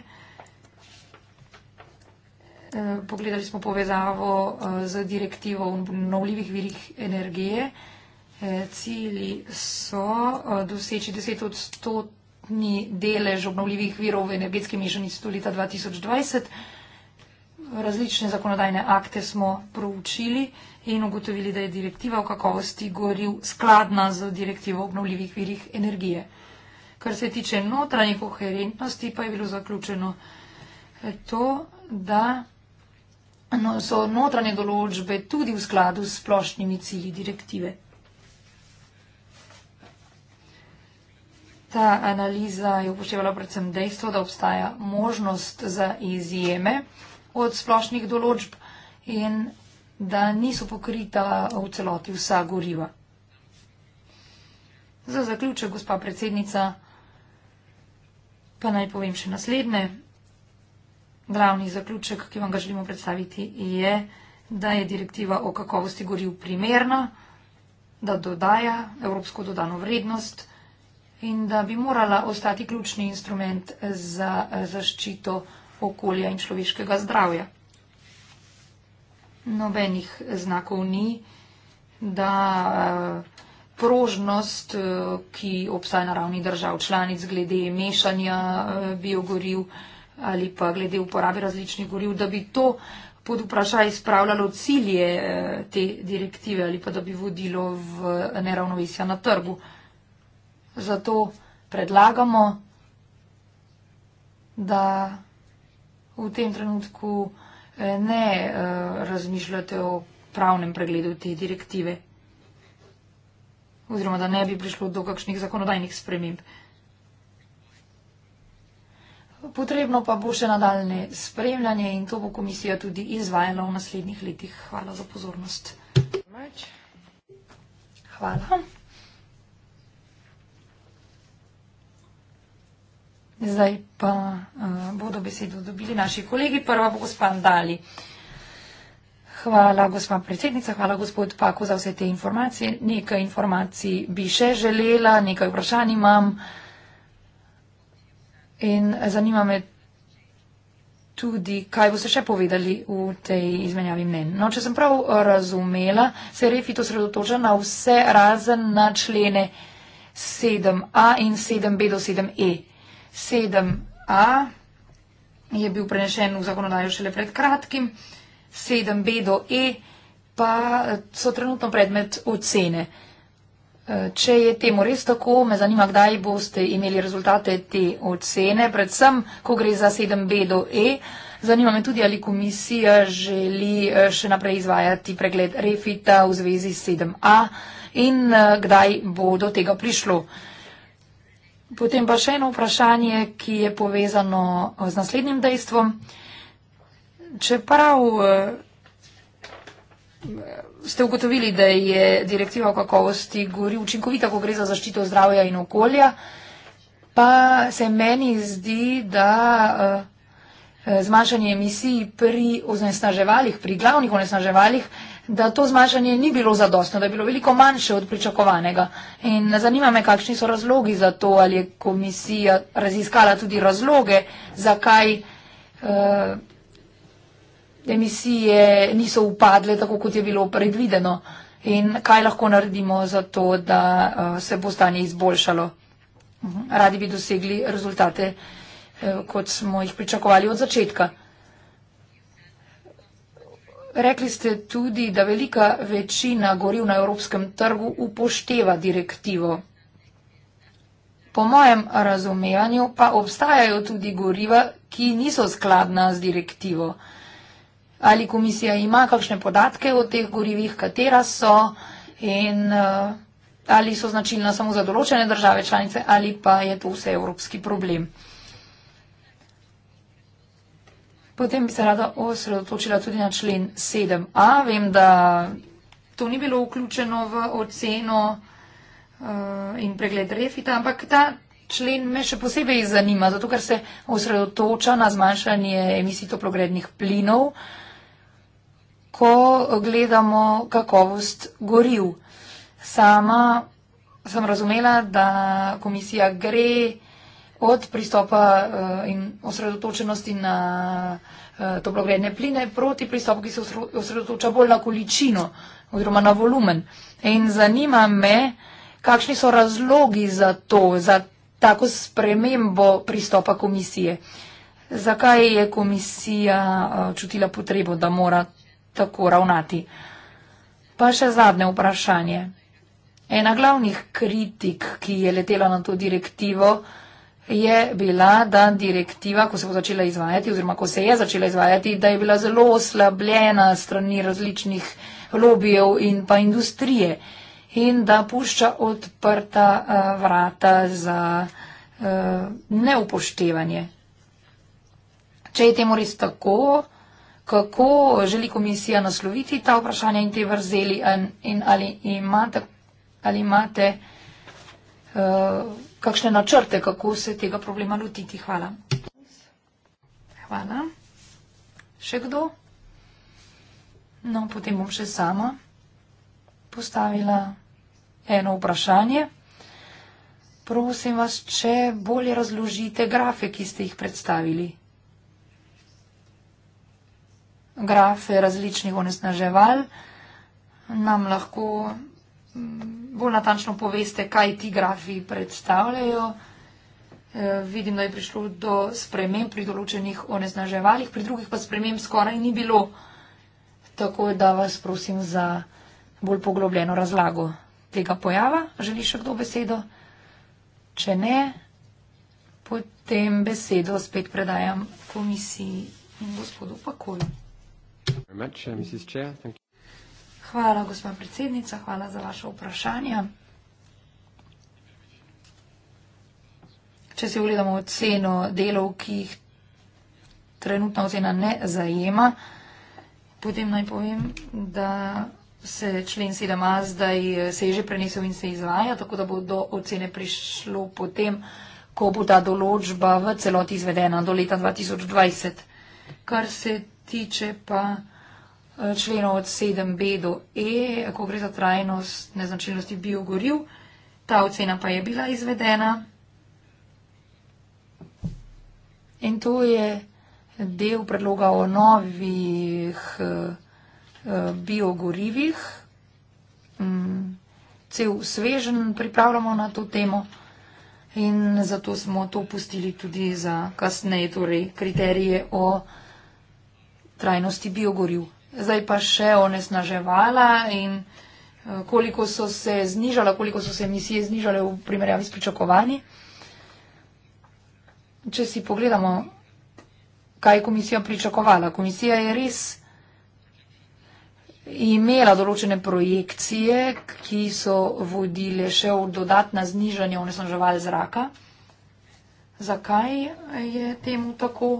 Eh, pogledali smo povezavo eh, z direktivo o obnovljivih virih energije. Eh, cilji so doseči 10 odstotni delež obnovljivih virov v energetski mešanici do leta 2020. Različne zakonodajne akte smo proučili in ugotovili, da je direktiva o kakovosti goril skladna z direktivo o obnovljivih virih energije. Kar se tiče notranje koherentnosti, pa je bilo zaključeno to, da No, so notranje določbe tudi v skladu s splošnimi cilji direktive. Ta analiza je upoštevala predvsem dejstvo, da obstaja možnost za izjeme od splošnih določb in da niso pokrita v celoti vsa goriva. Za zaključek, gospa predsednica, pa naj povem še naslednje glavni zaključek, ki vam ga želimo predstaviti, je, da je direktiva o kakovosti goriv primerna, da dodaja evropsko dodano vrednost in da bi morala ostati ključni instrument za zaščito okolja in človeškega zdravja. Nobenih znakov ni, da eh, prožnost, eh, ki obstaja na ravni držav članic glede mešanja eh, biogoriv, ali pa glede uporabe različnih goriv, da bi to pod vprašaj spravljalo cilje eh, te direktive ali pa da bi vodilo v neravnovesja na trgu. Zato predlagamo, da v tem trenutku eh, ne eh, razmišljate o pravnem pregledu te direktive oziroma da ne bi prišlo do kakšnih zakonodajnih sprememb. Potrebno pa bo še nadaljne spremljanje in to bo komisija tudi izvajala v naslednjih letih. Hvala za pozornost. Hvala. Zdaj pa uh, bodo besedo dobili naši kolegi. Prva bo gospa Dali. Hvala, gospa predsednica, hvala, gospod Paku, za vse te informacije. Nekaj informacij bi še želela, nekaj vprašanj imam. Uh, In zanima me tudi, kaj boste še povedali v tej izmenjavi mnen. No, če sem prav razumela, se refi to sredotoča na vse razen na člene 7a in 7b do 7e. 7a je bil prenešen v zakonodajo šele pred kratkim, 7b do e pa so trenutno predmet ocene. Eh, če je temu res tako, me zanima, kdaj boste imeli rezultate te ocene, predvsem, ko gre za 7B do E. Zanima me tudi, ali komisija želi eh, še naprej izvajati pregled refita v zvezi s 7A in eh, kdaj bo do tega prišlo. Potem pa še eno vprašanje, ki je povezano z naslednjim dejstvom. Čeprav ste ugotovili, da je direktiva o kakovosti gori učinkovita, ko gre za zaščito zdravja in okolja, pa se meni zdi, da eh, eh, zmanjšanje emisij pri oznesnaževalih, pri glavnih oznesnaževalih, da to zmanjšanje ni bilo zadostno, da je bilo veliko manjše od pričakovanega. In zanima me, kakšni so razlogi za to, ali je komisija raziskala tudi razloge, zakaj. Uh, emisije niso upadle tako, kot je bilo predvideno. In kaj lahko naredimo za to, da uh, se bo stanje izboljšalo? Mhm. Radi bi dosegli rezultate, uh, kot smo jih pričakovali od začetka. Rekli ste tudi, da velika večina goriv na evropskem trgu upošteva direktivo. Po mojem razumevanju pa obstajajo tudi goriva, ki niso skladna z direktivo. Uh, ali komisija ima kakšne podatke o teh gorivih, katera so in eh, ali so značilna samo za določene države članice ali pa je to vse evropski problem. Potem bi se rada osredotočila tudi na člen 7a. Vem, da to ni bilo vključeno v oceno eh, in pregled refita, ampak ta člen me še posebej zanima, zato ker se osredotoča na zmanjšanje emisij toplogrednih plinov ko gledamo kakovost goriv. Sama sem razumela, da komisija gre od pristopa eh, in osredotočenosti na eh, toplogredne pline proti pristopu, ki se osredotoča bolj na količino oziroma na volumen. In zanima me, kakšni so razlogi za to, za tako spremembo pristopa komisije. Zakaj je komisija eh, čutila potrebo, da mora tako ravnati. Pa še zadnje vprašanje. Ena glavnih kritik, ki je letela na to direktivo, je bila, da direktiva, ko se bo začela izvajati, oziroma ko se je začela izvajati, da je bila zelo oslabljena strani različnih lobijev in pa industrije in da pušča odprta eh, vrata za eh, neupoštevanje. Če je temu res tako, kako želi komisija nasloviti ta vprašanja in te vrzeli in, in ali imate, ali imate uh, kakšne načrte, kako se tega problema lotiti. Hvala. Hvala. Še kdo? No, potem bom še sama postavila eno vprašanje. Prosim vas, če bolje razložite grafe, ki ste jih predstavili grafe različnih onesnaževal, nam lahko mm, bolj natančno poveste, kaj ti grafi predstavljajo. E, vidim, da je prišlo do sprememb pri določenih onesnaževalih, pri drugih pa sprememb skoraj ni bilo. Tako da vas prosim za bolj poglobljeno razlago tega pojava. Želi še kdo besedo? Če ne, potem besedo spet predajam komisiji in gospodu Pakoju. Uh, hvala, gospa predsednica. Hvala za vaše vprašanje. Če si ogledamo oceno delov, ki jih trenutna ocena ne zajema, potem naj povem, da se člen 7a zdaj se je že prenesel in se izvaja, tako da bo do ocene prišlo potem, ko bo ta določba v celoti izvedena do leta 2020. Kar se tiče pa eh, členov od 7b do e, ko gre za trajnost neznačilnosti biogoriv, ta ocena pa je bila izvedena. In to je del predloga o novih eh, eh, biogorivih. Mm, cel svežen pripravljamo na to temo in zato smo to pustili tudi za kasneje, torej kriterije o trajnosti biogoriv. Zdaj pa še onesnaževala in eh, koliko so se znižala, koliko so se emisije znižale v primerjavi s pričakovanji. Če si pogledamo, kaj je komisija pričakovala. Komisija je res imela določene projekcije, ki so vodile še v dodatna znižanja onesnaževal zraka. Zakaj je temu tako?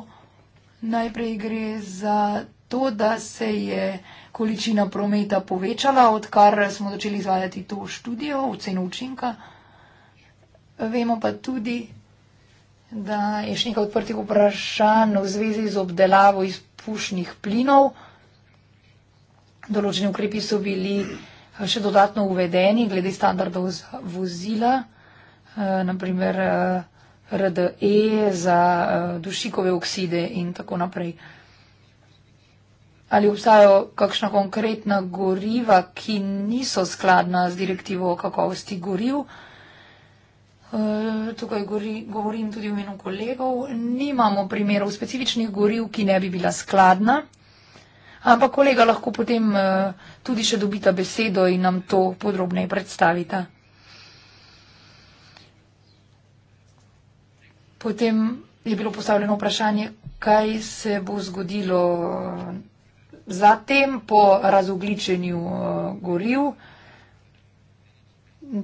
Najprej gre za to, da se je količina prometa povečala, odkar smo začeli izvajati to študijo v ceno učinka. Vemo pa tudi, da je še nekaj odprtih vprašanj v zvezi z obdelavo izpušnih plinov. Določeni ukrepi so bili eh, še dodatno uvedeni glede standardov vozila, eh, naprimer eh, RDE, za eh, dušikove okside in tako naprej. Ali obstajajo kakšna konkretna goriva, ki niso skladna z direktivo o kakovosti goriv? Eh, tukaj govorim tudi v imenu kolegov. Nimamo primerov specifičnih goriv, ki ne bi bila skladna. Ampak kolega lahko potem eh, tudi še dobita besedo in nam to podrobneje predstavita. Potem je bilo postavljeno vprašanje, kaj se bo zgodilo zatem po razogličenju eh, goriv.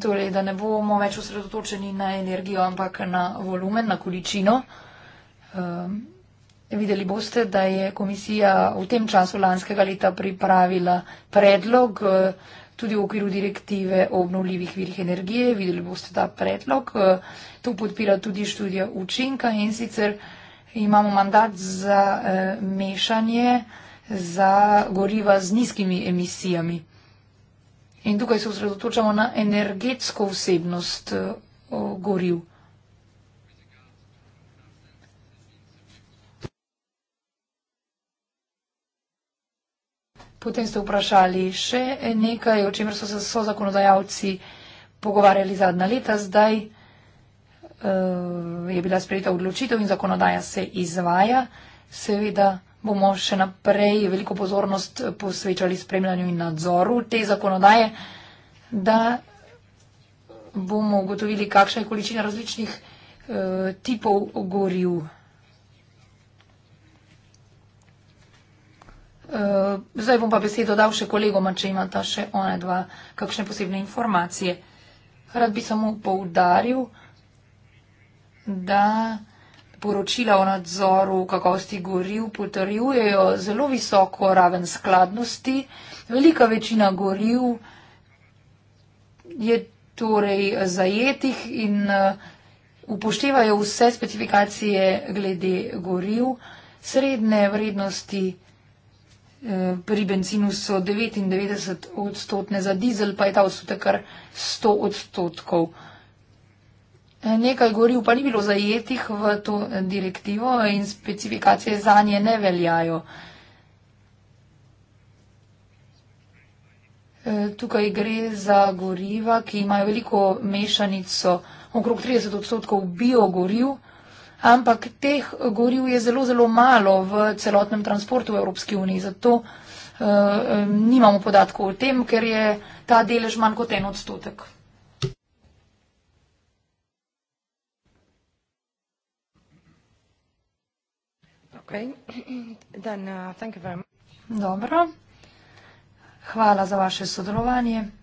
Torej, da ne bomo več osredotočeni na energijo, ampak na volumen, na količino. Eh, videli boste, da je komisija v tem času lanskega leta pripravila predlog eh, tudi v okviru direktive o obnovljivih virih energije. Videli boste ta predlog. Eh, to podpira tudi študija učinka in sicer imamo mandat za eh, mešanje za goriva z nizkimi emisijami. In tukaj se osredotočamo na energetsko vsebnost eh, goriv. Potem ste vprašali še nekaj, o čemer so se so zakonodajalci pogovarjali zadnja leta. Zdaj uh, je bila sprejeta odločitev in zakonodaja se izvaja. Seveda bomo še naprej veliko pozornost posvečali spremljanju in nadzoru te zakonodaje, da bomo ugotovili, kakšna je količina različnih uh, tipov goriv. Eh, zdaj bom pa besedo dal še kolegoma, če imata še one dva kakšne posebne informacije. Rad bi samo poudaril, da poročila o nadzoru kakovosti goriv potrjujejo zelo visoko raven skladnosti. Velika večina goriv je torej zajetih in eh, upoštevajo vse specifikacije glede goriv. Srednje vrednosti pri benzinu so 99 odstotne, za dizel pa je ta odstotek kar 100 odstotkov. Nekaj goriv pa ni bilo zajetih v to direktivo in specifikacije za nje ne veljajo. E, tukaj gre za goriva, ki imajo veliko mešanico, okrog 30 odstotkov biogoriv ampak teh goriv je zelo, zelo malo v celotnem transportu v Evropski uniji. Zato uh, nimamo podatkov o tem, ker je ta delež manj kot en odstotek. Okay. Then, uh, Dobro. Hvala za vaše sodelovanje.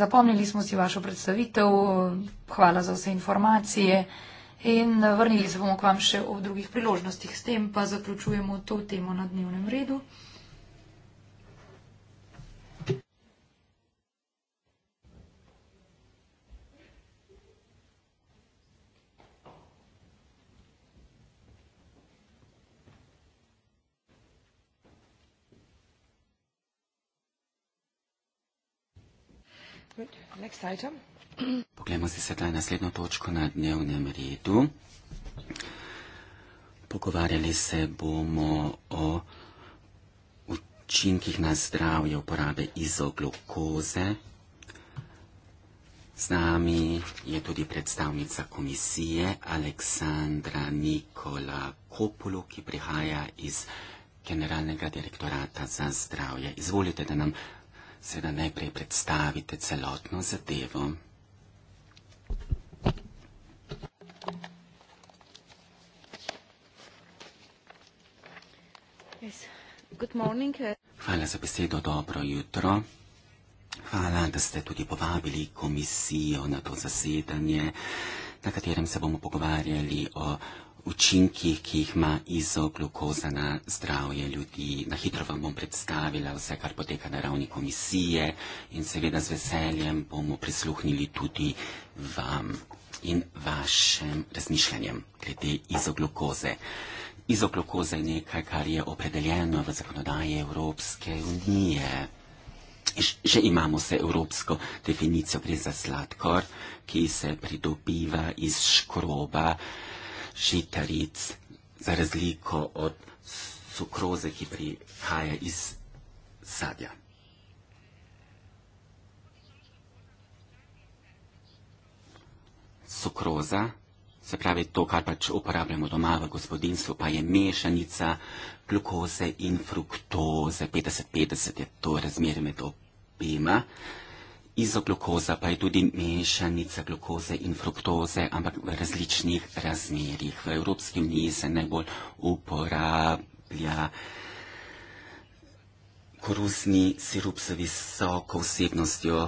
zapomnili smo si vašo predstavitev, hvala za vse informacije in vrnili se bomo k vam še ob drugih priložnostih. S tem pa zaključujemo to temo na dnevnem redu. Poglejmo si sedaj naslednjo točko na dnevnem redu. Pogovarjali se bomo o učinkih na zdravje uporabe izoglukoze. Z nami je tudi predstavnica komisije Aleksandra Nikola Kopulu, ki prihaja iz Generalnega direktorata za zdravje. Izvolite, da nam seveda najprej predstavite celotno zadevo. Yes. Uh, Hvala za besedo, dobro jutro. Hvala, da ste tudi povabili komisijo na to zasedanje, na katerem se bomo pogovarjali o učinkih, ki jih ima izoglukoza na zdravje ljudi. Na hitro vam bom predstavila vse, kar poteka na ravni komisije in seveda z veseljem bomo prisluhnili tudi vam in vašem razmišljanjem glede izoglukoze. Izoglukoza je nekaj, kar je opredeljeno v zakonodaji Evropske unije. Že imamo se evropsko definicijo, gre za sladkor, ki se pridobiva iz škroba. Uh, žitaric, za razliko od sukroze, ki prihaja iz sadja. Sukroza, se pravi to, kar pač uporabljamo doma v gospodinstvu, pa je mešanica glukoze in fruktoze. 50-50 je to razmerje med obima. Izoglukoza pa je tudi mešanica glukoze in fruktoze, ampak v različnih razmerjih. V Evropski uniji se najbolj uporablja koruzni sirup z visoko vsebnostjo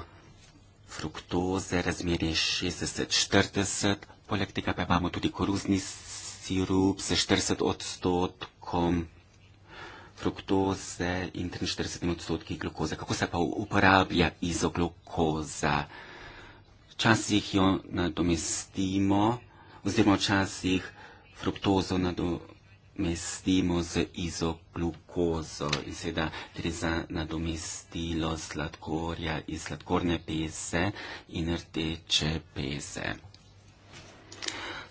fruktoze, razmerje 60-40, poleg tega pa imamo tudi koruzni sirup z 40 odstotkom fruktoze in 43 odstotki glukoze. Kako se pa uporablja izoglukoza? Včasih jo nadomestimo, oziroma včasih fruktozo nadomestimo z izoglukozo in seveda gre za nadomestilo sladkorja iz sladkorne pese in rdeče pese.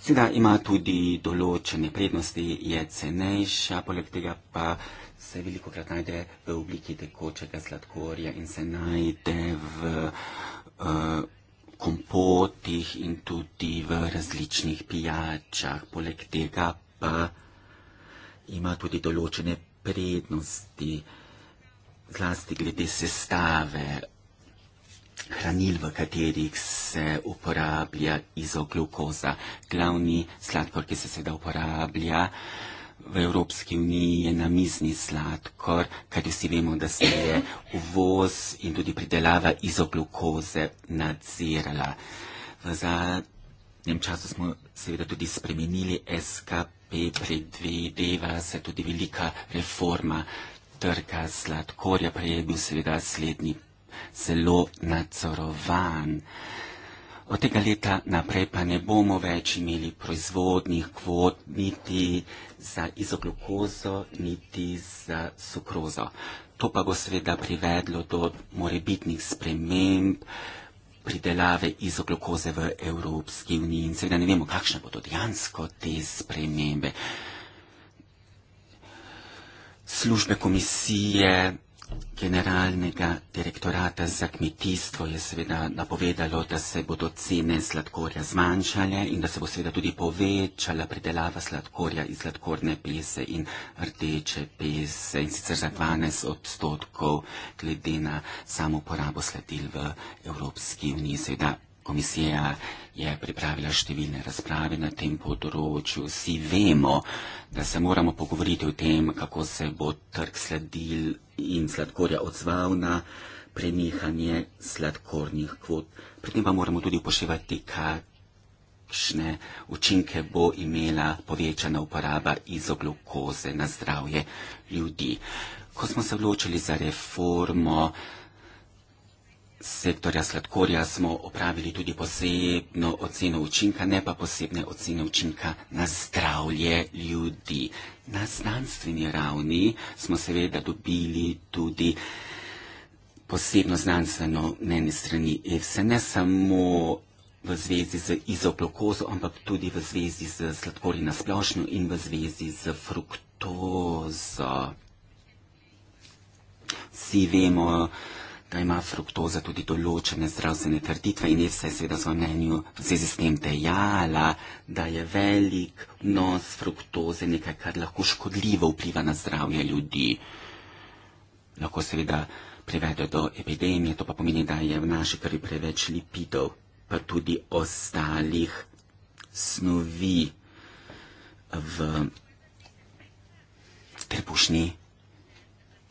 Seveda ima tudi določene prednosti, je cenejša, poleg tega pa se veliko krat najde v obliki tekočega sladkorja in se najde v uh, kompotih in tudi v različnih pijačah. Poleg tega pa ima tudi določene prednosti, zlasti glede sestave hranil, v katerih se uporablja izoglukoza. Glavni sladkor, ki se seveda uporablja, v Evropski uniji je na mizni sladkor, kar vsi vemo, da se je uvoz in tudi pridelava izoglukoze nadzirala. V zadnjem času smo seveda tudi spremenili SKP, predvideva se tudi velika reforma trga sladkorja, prej je bil seveda slednji zelo nadzorovan. Uh, Od tega leta naprej pa ne bomo več imeli proizvodnih kvot niti za izoglukozo, niti za sukrozo. To pa bo seveda privedlo do morebitnih sprememb pridelave izoglukoze v Evropski uniji in seveda ne vemo, kakšne bodo dejansko te spremembe. Službe komisije generalnega direktorata za kmetijstvo je seveda napovedalo, da se bodo cene sladkorja zmanjšale in da se bo seveda tudi povečala predelava sladkorja iz sladkorne pese in rdeče pese in sicer za 12 odstotkov glede na samo porabo sladil v Evropski uniji. Seveda Komisija je pripravila številne razprave na tem področju. Vsi vemo, da se moramo pogovoriti o tem, kako se bo trg sledil in sladkorja odzval na prenehanje sladkornih kvot. Pri tem pa moramo tudi upoštevati, kakšne učinke bo imela povečana uporaba izoglukoze na zdravje ljudi. Ko smo se odločili za reformo, sektorja sladkorja smo opravili tudi posebno oceno učinka, ne pa posebne ocene učinka na zdravje ljudi. Na znanstveni ravni smo seveda dobili tudi posebno znanstveno mnenje strani EFSA, ne samo v zvezi z izoplokozo, ampak tudi v zvezi z sladkorji na splošno in v zvezi z fruktozo. Vsi vemo, da ima fruktoza tudi določene zdravstvene trditve in jaz se je seveda svoje mnenju v zvezi s tem dejala, da je velik nos fruktoze nekaj, kar lahko škodljivo vpliva na zdravje ljudi. Lahko seveda privede do epidemije, to pa pomeni, da je v naši krvi preveč lipidov, pa tudi ostalih snovi v trebušni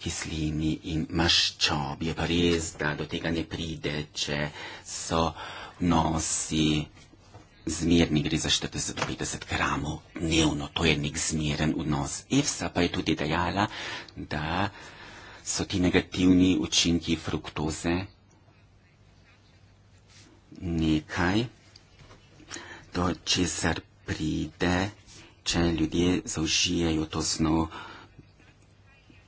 kislini in maščobi. Je pa res, da do tega ne pride, če so nosi zmerni, gre za 40-50 gramov dnevno. To je nek zmeren vnos. Evsa pa je tudi dejala, da so ti negativni učinki fruktoze nekaj, do česar pride, če ljudje zaužijajo to snov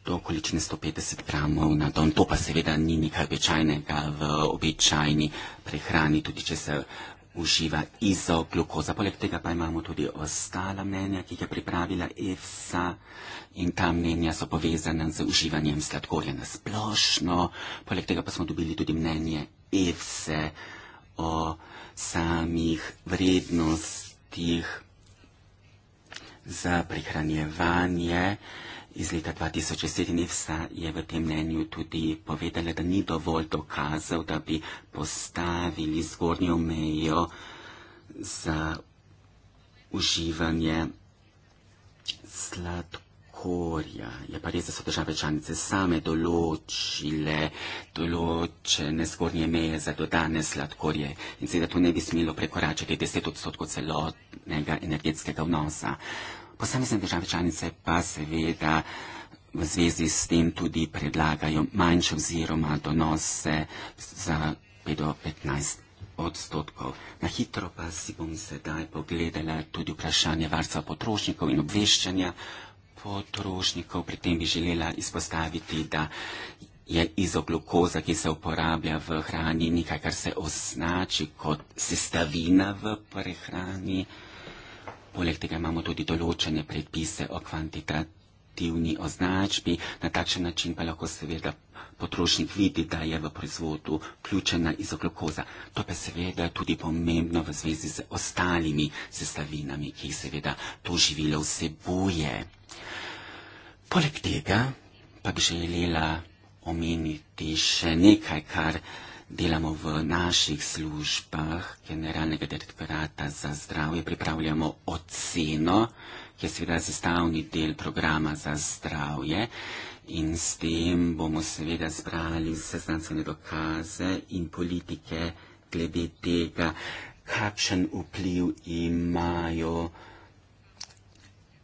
do količine 150 gramov na dan. To pa seveda ni nekaj običajnega v običajni prehrani, tudi če se uživa izoglukoza. Poleg tega pa imamo tudi ostala mnenja, ki jih je pripravila EFSA in ta mnenja so povezana z uživanjem sladkorja na splošno. Poleg tega pa smo dobili tudi mnenje EFSE o samih vrednostih za prihranjevanje. Iz leta 2010 NIFSA je v tem mnenju tudi povedala, da ni dovolj dokazov, da bi postavili zgornjo mejo za uživanje sladkorja. Je pa res, da so države članice same določile določene zgornje meje za dodane sladkorje in seveda to ne bi smelo prekoračiti 10 odstotkov celotnega energetskega vnosa. Posamezne države članice pa seveda v zvezi s tem tudi predlagajo manjše oziroma donose za 5 do 15 odstotkov. Na hitro pa si bom sedaj pogledala tudi vprašanje varstva potrošnikov in obveščanja potrošnikov. Pri tem bi želela izpostaviti, da je izoglukoza, ki se uporablja v hrani, nekaj, kar se označi kot sestavina v prehrani. Poleg tega imamo tudi določene predpise o kvantitativni označbi. Na takšen način pa lahko seveda potrošnik vidi, da je v proizvodu vključena izoglukoza. To pa seveda tudi pomembno v zvezi z ostalimi sestavinami, ki jih seveda to živilo vsebuje. Poleg tega pa bi želela omeniti še nekaj, kar Delamo v naših službah generalnega direktorata za zdravje, pripravljamo oceno, ki je seveda zastavni del programa za zdravje in s tem bomo seveda zbrali vse znanstvene dokaze in politike glede tega, kakšen vpliv imajo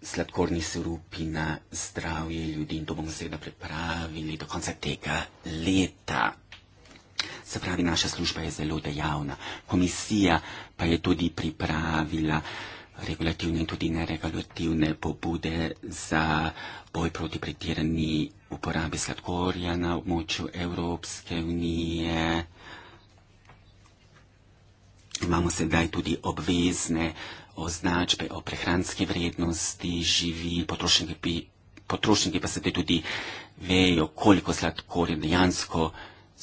sladkorni sirupi na zdravje ljudi in to bomo seveda pripravili do konca tega leta. Se pravi, naša služba je zelo dejavna. Komisija pa je tudi pripravila regulativne in tudi neregulativne pobude za boj proti pretirani uporabi sladkorja na območju Evropske unije. Imamo sedaj tudi obvezne označbe o prehranski vrednosti živil, potrošniki, potrošniki pa sedaj tudi vejo, koliko sladkorja dejansko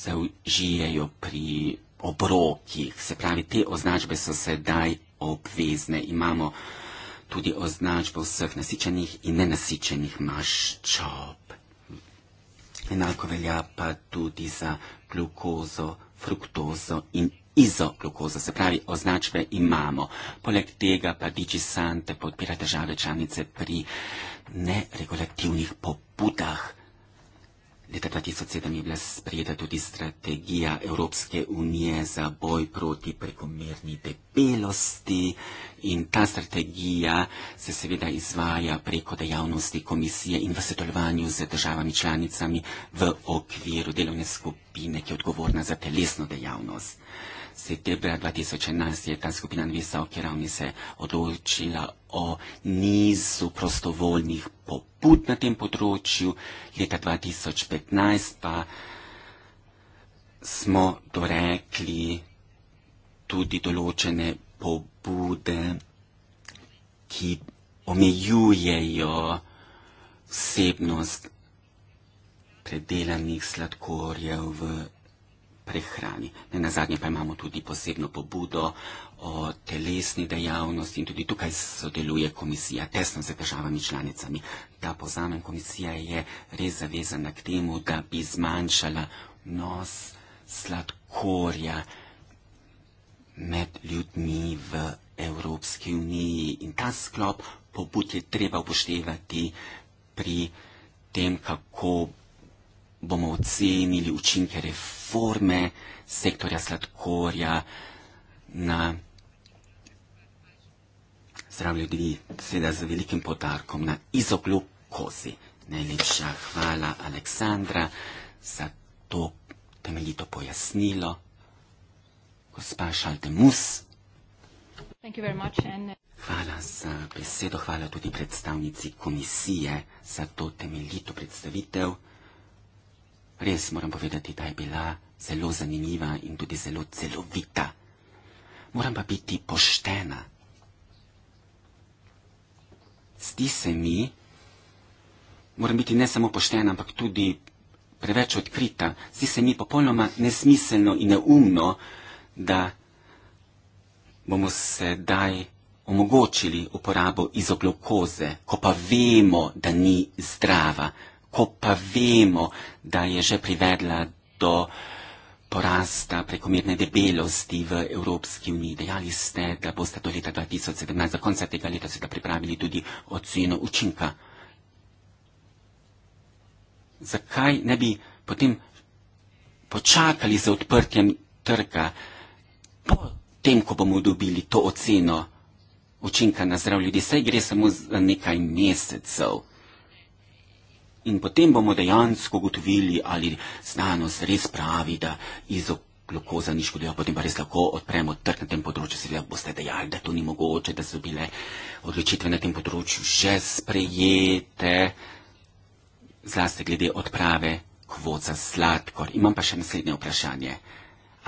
zaužijejo pri obrokih. Se pravi, te označbe so sedaj obvezne. Imamo tudi označbo vseh nasičenih in nenasičenih maščob. Enako velja pa tudi za glukozo, fruktozo in izoglukozo. Se pravi, označbe imamo. Poleg tega pa DigiSante podpira države članice pri neregulativnih pobudah. Leta 2007 je bila sprejeta tudi strategija Evropske unije za boj proti prekomerni debelosti in ta strategija se seveda izvaja preko dejavnosti komisije in v sodelovanju z državami članicami v okviru delovne skupine, ki je odgovorna za telesno dejavnost septembra 2018 je ta skupina na visoki ravni se odločila o nizu prostovoljnih poput na tem področju, leta 2015 pa smo dorekli tudi določene pobude, ki omejujejo vsebnost predelanih sladkorjev v prehrani. Ne na zadnje pa imamo tudi posebno pobudo o telesni dejavnosti in tudi tukaj sodeluje komisija tesno z državami članicami. Ta pozamem komisija je res zavezana k temu, da bi zmanjšala nos sladkorja med ljudmi v Evropski uniji in ta sklop pobud je treba upoštevati pri tem, kako bomo ocenili učinke reforme sektorja sladkorja na zdravje ljudi, seveda z velikim podarkom na izoglukozi. Najlepša hvala Aleksandra za to temeljito pojasnilo. Gospa Šaldemus. Uh, hvala za besedo, hvala tudi predstavnici komisije za to temeljito predstavitev. Res moram povedati, da je bila zelo zanimiva in tudi zelo celovita. Moram pa biti poštena. Zdi se mi, moram biti ne samo poštena, ampak tudi preveč odkrita. Zdi se mi popolnoma nesmiselno in neumno, da bomo sedaj omogočili uporabo izoglukoze, ko pa vemo, da ni zdrava ko pa vemo, da je že privedla do porasta prekomerne debelosti v Evropski uniji. Dejali ste, da boste do leta 2017, do konca tega leta, seveda pripravili tudi oceno učinka. Zakaj ne bi potem počakali z odprtjem trga, potem, ko bomo dobili to oceno učinka na zdrav ljudi? Saj gre samo za nekaj mesecev in potem bomo dejansko ugotovili, ali znanost res pravi, da izok. Glukoza ni škodila, potem pa res lahko odpremo trg na tem področju. Seveda boste dejali, da to ni mogoče, da so bile odločitve na tem področju že sprejete, zlasti glede odprave kvot za sladkor. Imam pa še naslednje vprašanje.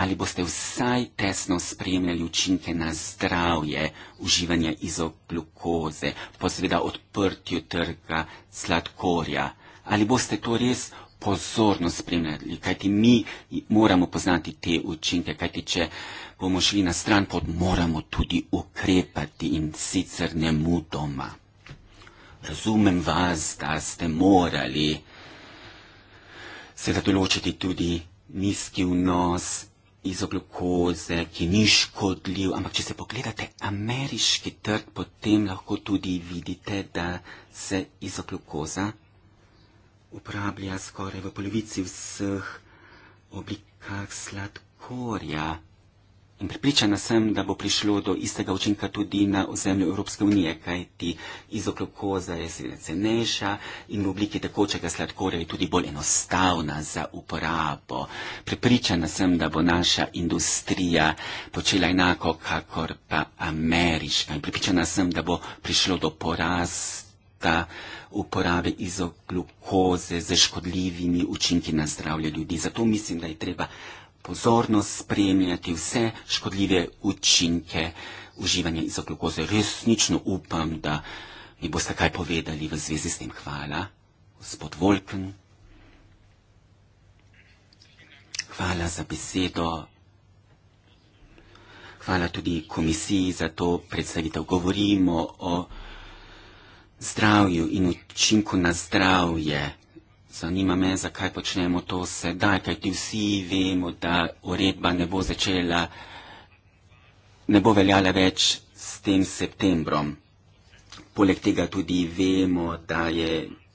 Ali boste vsaj tesno spremljali učinke na zdravje uživanja izoglukoze, posveda odprtju trga sladkorja? ali boste to res pozorno spremljali, kajti mi moramo poznati te učinke, kajti če bomo šli na stran pot, moramo tudi ukrepati in sicer ne mudoma. Razumem vas, da ste morali seveda določiti tudi nizki vnos izoglukoze, ki ni škodljiv, ampak če se pogledate ameriški trg, potem lahko tudi vidite, da se izoglukoza uporablja skoraj v polovici vseh oblikah sladkorja. In pripričana sem, da bo prišlo do istega učinka tudi na ozemlju Evropske unije, kajti izoklokoza je seveda cenejša in v obliki tekočega sladkorja je tudi bolj enostavna za uporabo. Pripričana sem, da bo naša industrija počela enako, kakor pa ameriška. In pripričana sem, da bo prišlo do porasta uporabe izoglukoze z škodljivimi učinki na zdravje ljudi. Zato mislim, da je treba pozorno spremljati vse škodljive učinke uživanja izoglukoze. Resnično upam, da mi boste kaj povedali v zvezi s tem. Hvala, gospod Volken. Hvala za besedo. Hvala tudi komisiji za to predstavitev. Govorimo o zdravju in učinku na zdravje. Zanima me, zakaj počnemo to sedaj, kajti vsi vemo, da uredba ne bo začela, ne bo veljala več s tem septembrom. Poleg tega tudi vemo, da je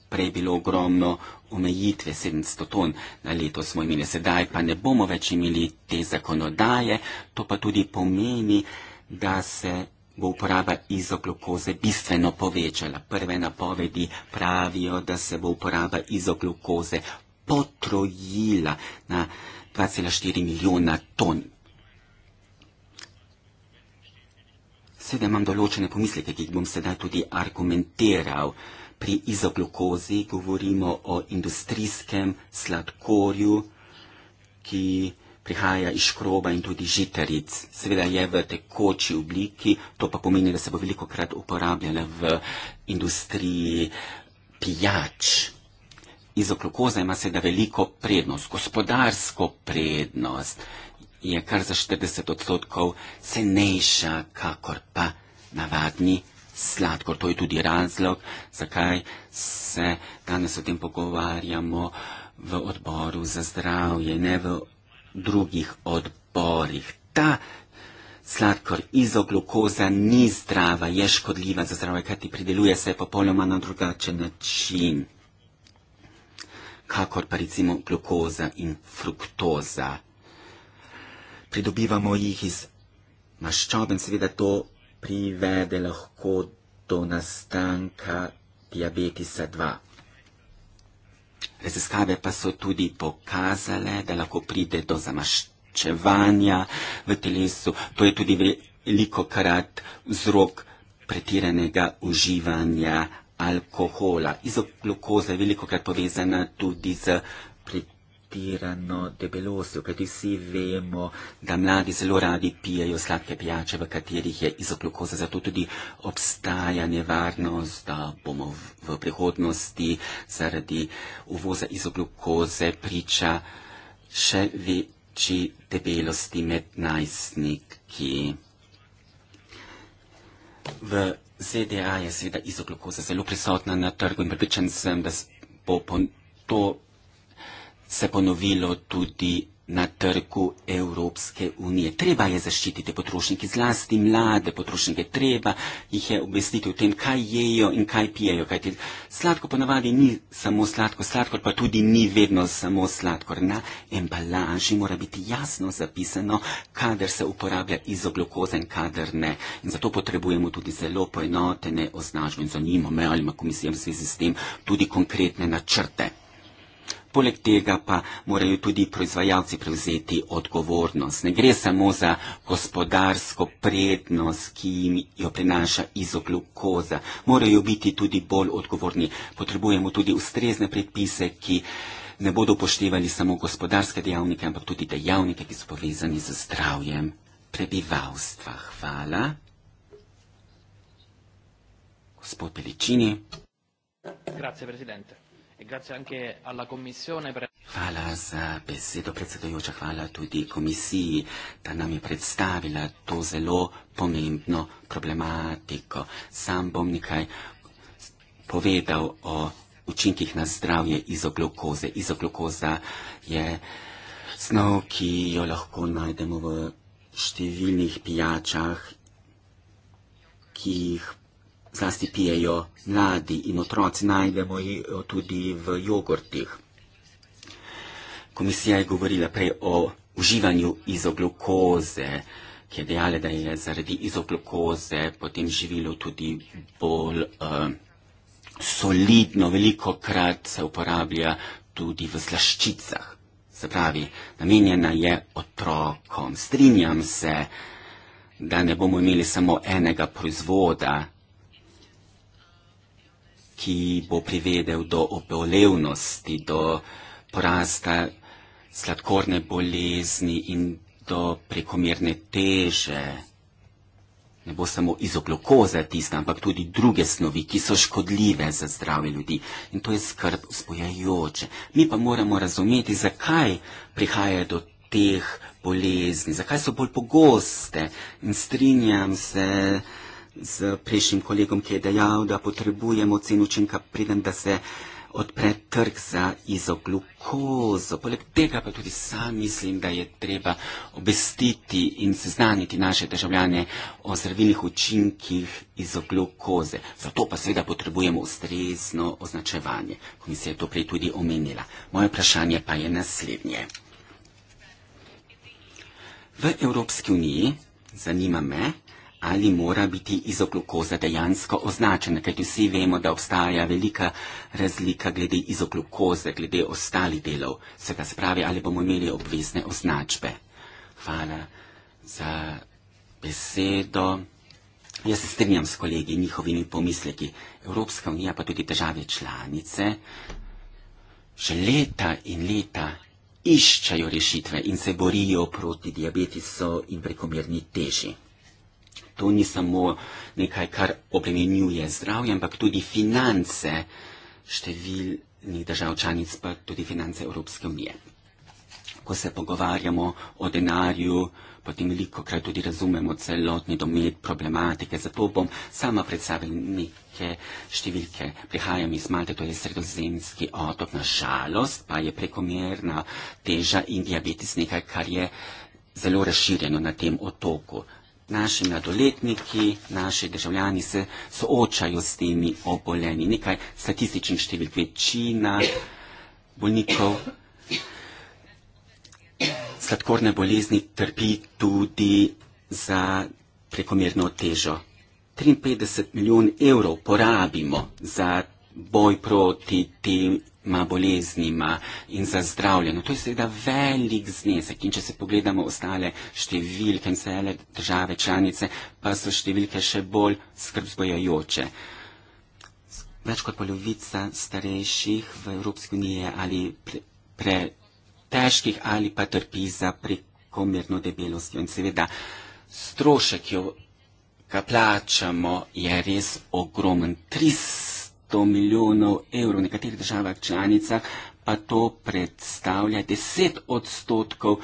prej bilo ogromno omejitve 700 ton na leto smo imeli, sedaj pa ne bomo več imeli te zakonodaje, to pa tudi pomeni, da se bo uporaba izoglukoze bistveno povečala. Prve napovedi pravijo, da se bo uporaba izoglukoze potrojila na 2,4 milijona ton. Seveda imam določene pomisleke, ki jih bom sedaj tudi argumentiral. Pri izoglukozi govorimo o industrijskem sladkorju, ki prihaja iz škroba in tudi žitaric. Seveda je v tekoči obliki, to pa pomeni, da se bo veliko krat uporabljala v industriji pijač. Iz oklokoza ima seveda veliko prednost, gospodarsko prednost je kar za 40 odstotkov cenejša, kakor pa navadni sladkor. To je tudi razlog, zakaj se danes o tem pogovarjamo v odboru za zdravje, ne v drugih odborih. Ta sladkor izoglukoza ni zdrava, je škodljiva za zdravje, kajti prideluje se popolnoma na drugačen način, kakor pa recimo glukoza in fruktoza. Pridobivamo jih iz maščob in seveda to privede lahko do nastanka diabetisa 2. Raziskave pa so tudi pokazale, da lahko pride do zamaščevanja v telesu. To je tudi veliko krat vzrok pretiranega uživanja alkohola. Izoglukoza je veliko krat povezana tudi z tirano debelostjo, kajti vsi vemo, da mladi zelo radi pijajo sladke pijače, v katerih je izoglukoza, zato tudi obstaja nevarnost, da bomo v prihodnosti zaradi uvoza izoglukoze priča še večji debelosti med najstniki. V ZDA je seveda izoglukoza zelo prisotna na trgu in pripričan sem, da bo po to se ponovilo tudi na trgu Evropske unije. Treba je zaščititi potrošnike, zlasti mlade potrošnike. Treba jih je obvestiti o tem, kaj jejo in kaj pijejo. Kajti sladko ponavadi ni samo sladko, sladkor pa tudi ni vedno samo sladkor. Na embalaži mora biti jasno zapisano, kader se uporablja izoglukoza in kader ne. In zato potrebujemo tudi zelo poenotene označbe in zanimome ali komisijam v zvezi s tem tudi konkretne načrte. Poleg tega pa morajo tudi proizvajalci prevzeti odgovornost. Ne gre samo za gospodarsko prednost, ki jim jo prinaša izoglukoza. Morajo biti tudi bolj odgovorni. Potrebujemo tudi ustrezne predpise, ki ne bodo upoštevali samo gospodarske dejavnike, ampak tudi dejavnike, ki so povezani z zdravjem prebivalstva. Hvala. Gospod Peličini. Grazie, presidente e grazie anche alla Commissione. Per... Hvala za besedo predsedujoča, hvala tudi komisiji, da nam je predstavila to zelo pomembno problematiko. Sam bom nekaj povedal o učinkih na zdravje izoglukoze. Izoglukoza je snov, ki jo lahko najdemo v številnih pijačah, ki jih zlasti pijejo mladi in otroci, najdemo jih tudi v jogurtih. Komisija je govorila prej o uživanju izoglukoze, ki je dejala, da je zaradi izoglukoze potem živilo tudi bolj uh, solidno, veliko krat se uporablja tudi v slaščicah. Se pravi, namenjena je otrokom. Strinjam se, da ne bomo imeli samo enega proizvoda, ki bo privedel do obolevnosti, do porasta sladkorne bolezni in do prekomerne teže. Ne bo samo izoglukoza tista, ampak tudi druge snovi, ki so škodljive za zdravje ljudi. In to je skrb spojajoče. Mi pa moramo razumeti, zakaj prihaja do teh bolezni, zakaj so bolj pogoste. In strinjam se z prejšnjim kolegom, ki je dejal, da potrebujemo ceno učinka, preden da se odpre trg za izoglukozo. Poleg tega pa tudi sam mislim, da je treba obvestiti in seznaniti naše državljane o zdravilnih učinkih izoglukoze. Zato pa seveda potrebujemo ustrezno označevanje. Komisija je to prej tudi omenila. Moje vprašanje pa je naslednje. V Evropski uniji, zanima me, ali mora biti izoglukoza dejansko označena, kajti vsi vemo, da obstaja velika razlika glede izoglukoze, glede ostalih delov, se ga spravi, ali bomo imeli obvezne označbe. Hvala za besedo. Jaz se strinjam s kolegi in njihovimi pomisleki. Evropska unija pa tudi države članice že leta in leta iščajo rešitve in se borijo proti diabetisu in prekomerni teži to ni samo nekaj, kar obremenjuje zdravje, ampak tudi finance številnih držav članic, pa tudi finance Evropske unije. Ko se pogovarjamo o denarju, potem veliko krat tudi razumemo celotni domet problematike. Zato bom sama predstavila neke številke. Prihajam iz Malte, to je sredozemski otok. Na žalost pa je prekomerna teža in diabetes nekaj, kar je zelo razširjeno na tem otoku naši mladoletniki, naši državljani se soočajo s temi obolenji. Nekaj statističnih številk, večina bolnikov sladkorne bolezni trpi tudi za prekomerno težo. 53 milijon evrov porabimo za boj proti tem ma boleznima in za zdravljeno. To je seveda velik znesek in če se pogledamo ostale številke in cele države članice, pa so številke še bolj skrbzbojajoče. Več kot polovica starejših v Evropski uniji ali pre, pre težkih ali pa trpi za prekomerno debelostjo in seveda strošek, ki jo plačamo, je res ogromen. 300 200 milijonov evrov, v nekaterih državah članicah pa to predstavlja 10 odstotkov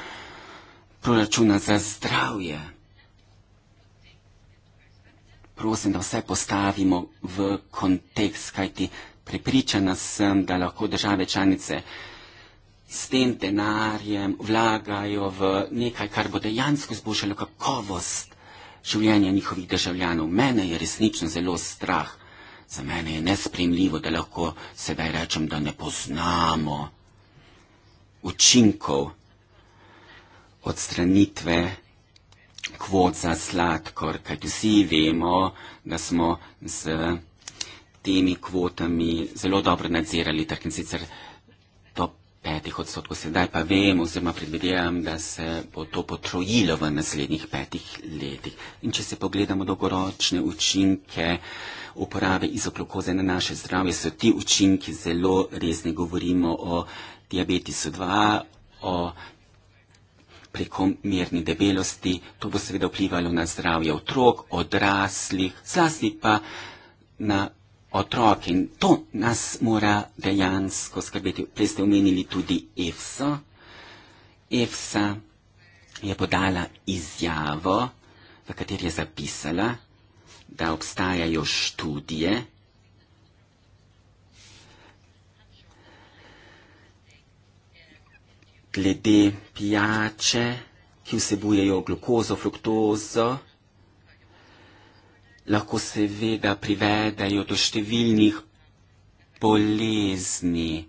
proračuna za zdravje. Prosim, da vse postavimo v kontekst, kajti prepričana sem, da lahko države članice s tem denarjem vlagajo v nekaj, kar bo dejansko izboljšalo kakovost življenja njihovih državljanov. Mene je resnično zelo strah, Za mene je nesprejemljivo, da lahko sedaj rečem, da ne poznamo učinkov odstranitve kvot za sladkor, kajti vsi vemo, da smo z temi kvotami zelo dobro nadzirali, tako in sicer petih odstotkov, sedaj pa vem oziroma predvidevam, da se bo to potrojilo v naslednjih petih letih. In če se pogledamo dolgoročne učinke uporabe izoglukoze na naše zdravje, so ti učinki zelo resni. Govorimo o diabetisu 2, o prekomerni debelosti, to bo seveda vplivalo na zdravje otrok, odraslih, zlasti pa na otroke. In to nas mora dejansko skrbeti. Prej ste omenili tudi EFSA. EFSA je podala izjavo, v kateri je zapisala, da obstajajo študije, glede pijače, ki vsebujejo glukozo, fruktozo, lahko seveda privedajo do številnih bolezni.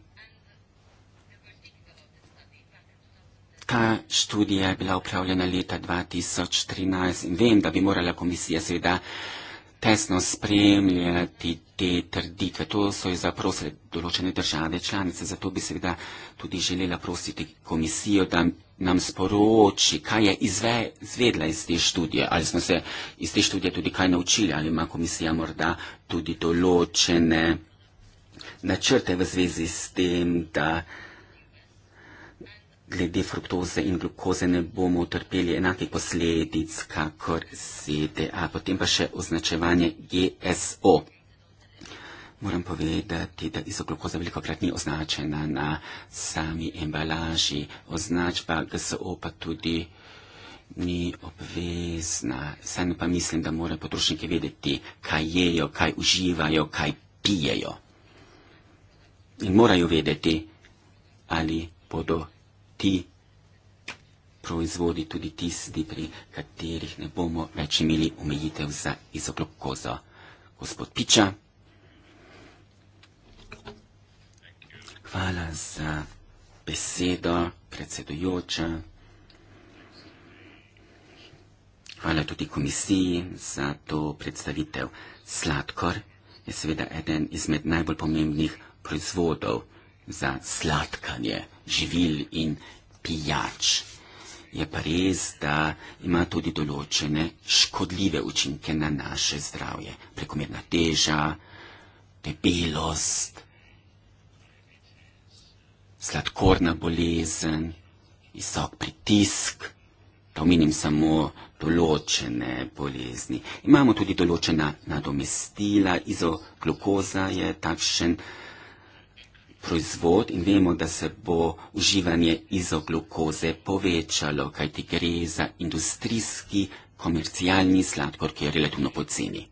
Ta študija je bila upravljena leta 2013 in vem, da bi morala komisija seveda tesno spremljati te trditve. To so jo zaprosile določene države članice, zato bi seveda tudi želela prositi komisijo, da nam sporoči, kaj je izve, izvedla iz te študije, ali smo se iz te študije tudi kaj naučili, ali ima komisija morda tudi določene načrte v zvezi s tem, da glede fruktoze in glukoze ne bomo utrpeli enakih posledic, kakor ZDA. Potem pa še označevanje GSO. Moram povedati, da izoglukoza veliko krat ni označena na sami embalaži, označba GSO pa tudi ni obvezna. Saj ne pa mislim, da morajo potrošniki vedeti, kaj jejo, kaj uživajo, kaj pijejo. In morajo vedeti, ali bodo ti proizvodi tudi tisti, pri katerih ne bomo več imeli omejitev za izoglukozo. Gospod Piča. Hvala za besedo, predsedujoča. Hvala tudi komisiji za to predstavitev. Sladkor je seveda eden izmed najbolj pomembnih proizvodov za sladkanje živil in pijač. Je pa res, da ima tudi določene škodljive učinke na naše zdravje. Prekomerna teža, debelost, sladkorna bolezen, visok pritisk, da omenim samo določene bolezni. Imamo tudi določena nadomestila, izoglukoza je takšen proizvod in vemo, da se bo uživanje izoglukoze povečalo, kajti gre za industrijski, komercialni sladkor, ki je relativno poceni.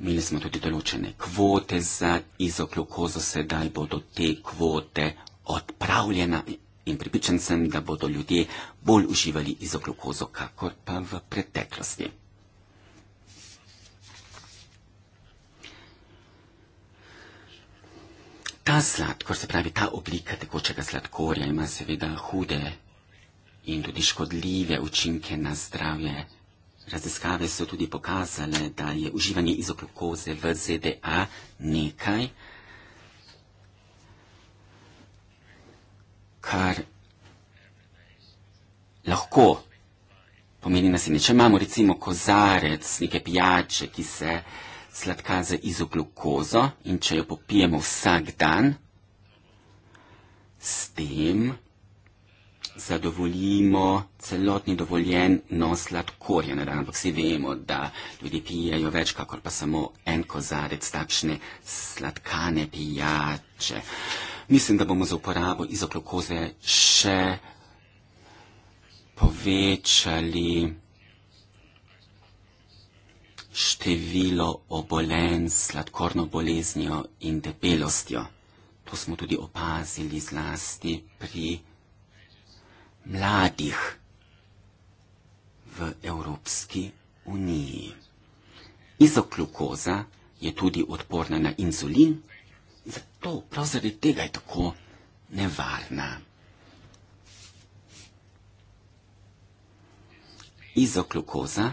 Imeli smo tudi določene kvote za izoklukozo, sedaj bodo te kvote odpravljene in pripričan sem, da bodo ljudje bolj uživali izoklukozo, kakor pa v preteklosti. Ta sladkor, se pravi ta oblika tekočega sladkorja, ima seveda hude in tudi škodljive učinke na zdravje Raziskave so tudi pokazale, da je uživanje izoglukoze v ZDA nekaj, kar lahko pomeni nasilje. Če imamo recimo kozarec neke pijače, ki se sladka z izoglukozo in če jo popijemo vsak dan, s tem zadovoljimo celotni dovoljen nos sladkorja na dan, ampak vsi vemo, da ljudje pijajo več, kakor pa samo en kozarec takšne sladkane pijače. Mislim, da bomo za uporabo izoklokoze še povečali število obolenj s sladkorno boleznjo in debelostjo. To smo tudi opazili zlasti pri mladih v Evropski uniji. Izoklukoza je tudi odporna na insulin, zato prav zaradi tega je tako nevarna. Izoklukoza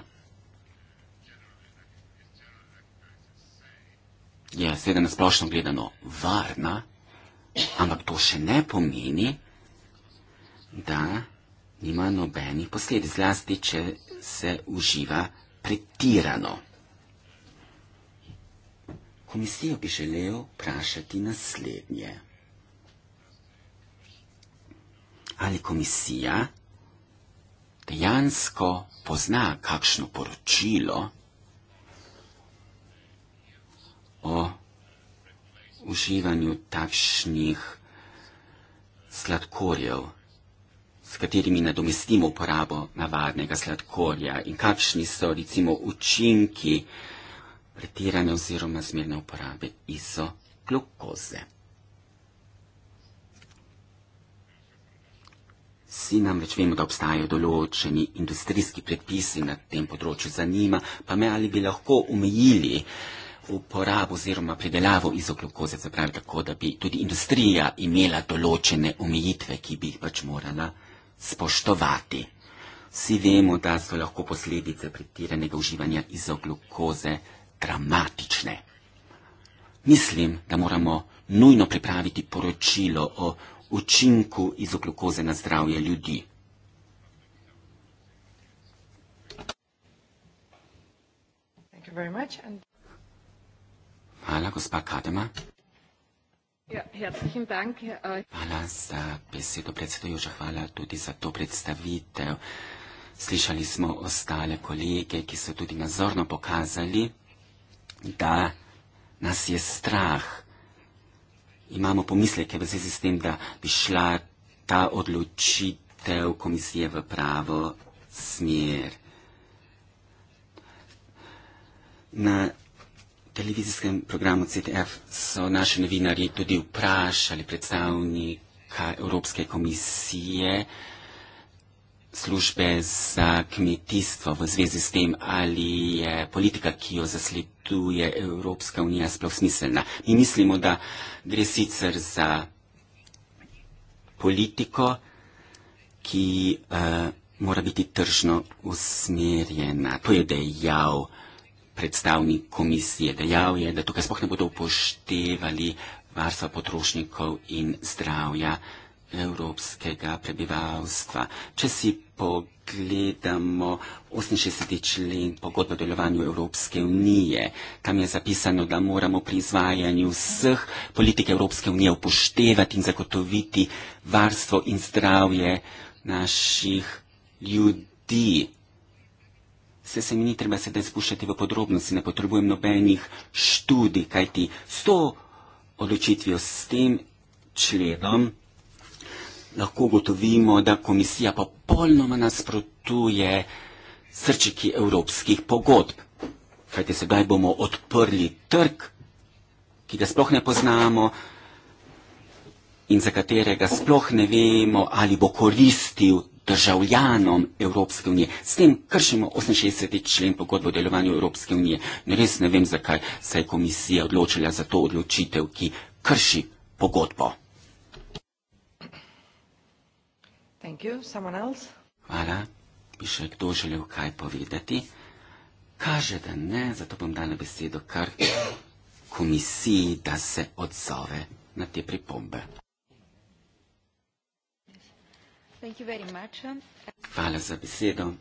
je seveda nasplošno gledano varna, ampak to še ne pomeni, da nima nobenih posledic, zlasti če se uživa pretirano. Komisijo bi želel vprašati naslednje. Ali komisija dejansko pozna kakšno poročilo o uživanju takšnih sladkorjev? katerimi nadomestimo uporabo navadnega sladkorja in kakšni so recimo učinki pretirane oziroma zmerne uporabe izoglukoze. Vsi nam več vemo, da obstajajo določeni industrijski predpisi na tem področju. Zanima pa me, ali bi lahko omejili uporabo oziroma pridelavo izoglukoze, se pravi tako, da bi tudi industrija imela določene omejitve, ki bi jih pač morala spoštovati. Vsi vemo, da so lahko posledice pretiranega uživanja izoglukoze dramatične. Mislim, da moramo nujno pripraviti poročilo o učinku izoglukoze na zdravje ljudi. Hvala, gospa Kadema. Ja, herzlichen Dank. Äh, Hvala za besedo, predsedujoča. Hvala tudi za to predstavitev. Slišali smo ostale kolege, ki so tudi nazorno pokazali, da nas je strah. Imamo pomisleke v zvezi s tem, da bi šla ta odločitev komisije v pravo smer. Na televizijskem programu CTF so naši novinari tudi vprašali predstavnika Evropske komisije, službe za kmetijstvo v zvezi s tem, ali je politika, ki jo zasleduje Evropska unija, sploh smiselna. Mi mislimo, da gre sicer za politiko, ki uh, mora biti tržno usmerjena. To je dejal predstavnik komisije dejal je, da tukaj spoh ne bodo upoštevali varstva potrošnikov in zdravja evropskega prebivalstva. Če si pogledamo 68. člen pogodbe o delovanju Evropske unije, tam je zapisano, da moramo pri izvajanju vseh politik Evropske unije upoštevati in zagotoviti varstvo in zdravje naših ljudi se, se mi ni treba sedaj spuščati v podrobnosti, ne potrebujem nobenih študij, kajti s to odločitvijo, s tem členom lahko gotovimo, da komisija popolnoma nasprotuje srčiki evropskih pogodb, kajti sedaj bomo odprli trg, ki ga sploh ne poznamo, in za katerega sploh ne vemo, ali bo koristil državljanom Evropske unije. S tem kršimo 68. člen pogodbo o delovanju Evropske unije. Ne res ne vem, zakaj se je komisija odločila za to odločitev, ki krši pogodbo. Hvala. Bi še kdo želel kaj povedati? Kaže, da ne, zato bom dala besedo kar komisiji, da se odzove na te pripombe. Hvala za besedo.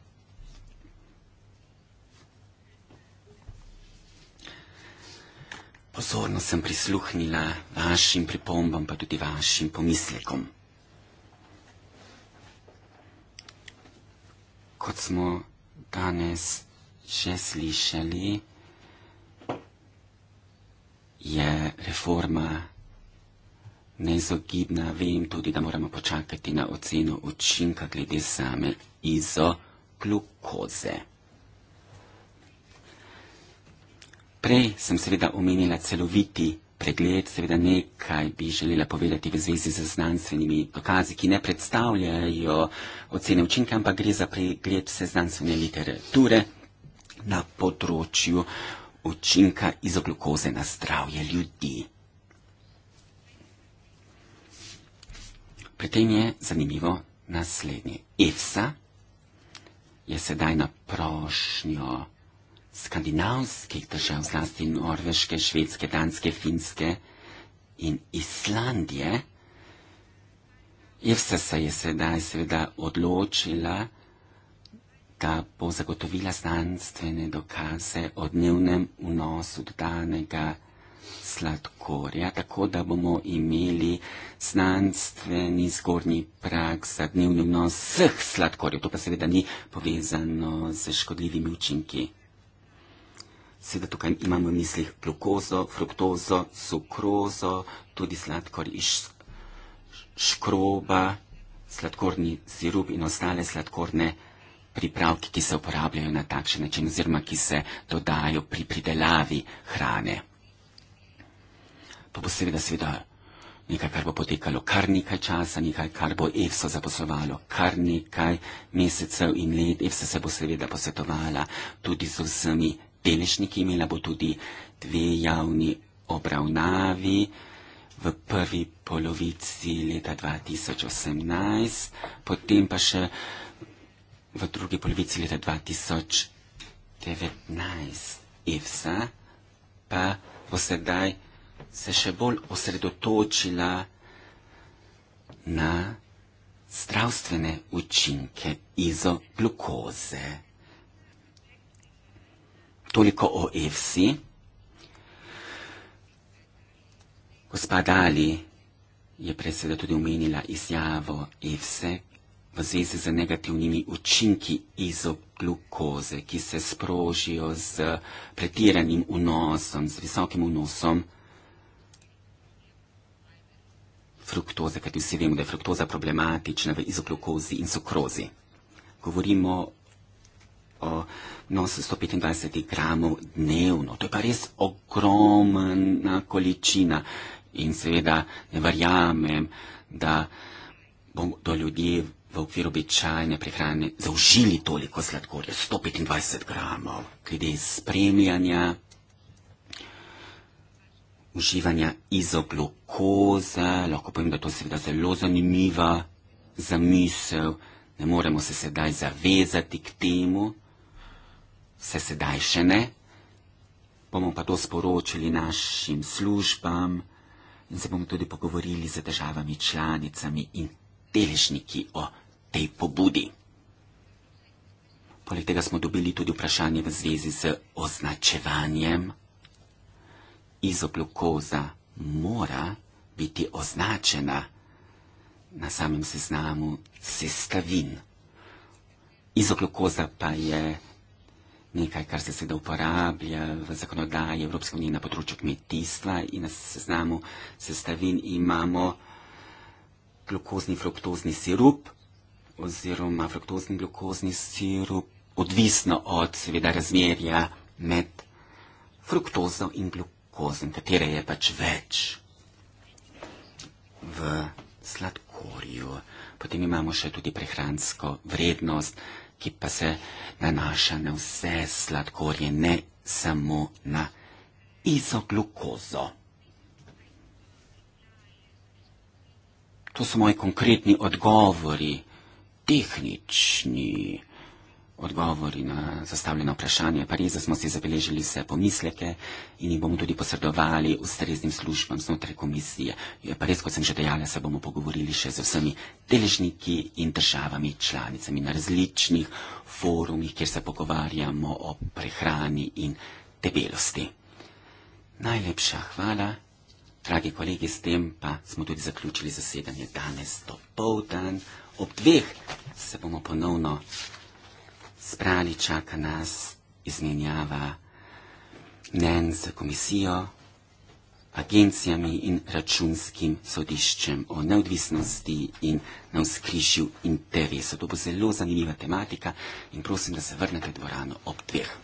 Pozorno sem prisluhnila vašim pripombam, pa tudi vašim pomislekom. Kot smo danes že slišali, je reforma nezogibna, vem tudi, da moramo počakati na oceno učinka glede same izoglukoze. Prej sem seveda omenila celoviti pregled, seveda nekaj bi želela povedati v zvezi z znanstvenimi dokazi, ki ne predstavljajo ocene učinka, ampak gre za pregled vse znanstvene literature na področju učinka izoglukoze na zdravje ljudi. Pri tem je zanimivo naslednje. Evsa je sedaj na prošnjo skandinavskih držav, zlasti norveške, švedske, danske, finske in Islandije. Evsa se je sedaj seveda odločila, da bo zagotovila znanstvene dokaze o dnevnem vnosu dodanega sladkorja, tako da bomo imeli znanstveni zgornji prak za dnevni vnos vseh sladkorjev. To pa seveda ni povezano z škodljivimi učinki. Seveda tukaj imamo v mislih glukozo, fruktozo, sukrozo, tudi sladkor iz škroba, sladkorni sirup in ostale sladkorne pripravki, ki se uporabljajo na takšen način oziroma ki se dodajo pri pridelavi hrane pa bo seveda seveda nekaj, kar bo potekalo kar nekaj časa, nekaj, kar bo EFSO zaposlovalo kar nekaj mesecev in let. EFSO se bo seveda posvetovala tudi z vsemi deležniki, imela bo tudi dve javni obravnavi v prvi polovici leta 2018, potem pa še v drugi polovici leta 2019 EFSA, pa bo sedaj se še bolj osredotočila na zdravstvene učinke izoglukoze. Toliko o EFSI. Gospa Dali je predseda tudi omenila izjavo EFSE e v zvezi z negativnimi učinki izoglukoze, ki se sprožijo z pretiranim vnosom, z visokim vnosom fruktoze, kajti vsi vemo, da je fruktoza problematična v izoglukozi in sukrozi. Govorimo o nosu 125 gramov dnevno. To je pa res ogromna količina in seveda ne verjamem, da bodo ljudje v okviru običajne prehrane zaužili toliko sladkorja, 125 gramov, glede spremljanja uživanja izoglukoze, lahko povem, da to seveda zelo zanimiva zamisel, ne moremo se sedaj zavezati k temu, se sedaj še ne, bomo pa to sporočili našim službam in se bomo tudi pogovorili z državami, članicami in deležniki o tej pobudi. Poleg tega smo dobili tudi vprašanje v zvezi z označevanjem izoglukoza mora biti označena na samem seznamu sestavin. Izoglukoza pa je nekaj, kar se sedaj uporablja v zakonodaji Evropske unije na področju kmetijstva in na seznamu sestavin imamo glukozni fruktozni sirup oziroma fruktozni glukozni sirup, odvisno od seveda razmerja med fruktozo in glukozo kozen, katere je pač več v sladkorju. Potem imamo še tudi prehransko vrednost, ki pa se nanaša na vse sladkorje, ne samo na izoglukozo. To so moji konkretni odgovori, tehnični odgovori na zastavljeno vprašanje Pariza smo si zabeležili vse pomisleke in jih bomo tudi posredovali ustreznim službam znotraj komisije. Pa res, kot sem že dejala, se bomo pogovorili še z vsemi deležniki in državami članicami na različnih forumih, kjer se pogovarjamo o prehrani in debelosti. Najlepša hvala, dragi kolegi, s tem pa smo tudi zaključili zasedanje danes do povdan. Ob dveh se bomo ponovno zbrali, čaka nas izmenjava mnen z komisijo, agencijami in računskim sodiščem o neodvisnosti in na vzkrižju interesov. To bo zelo zanimiva tematika in prosim, da se vrnete v dvorano ob dveh.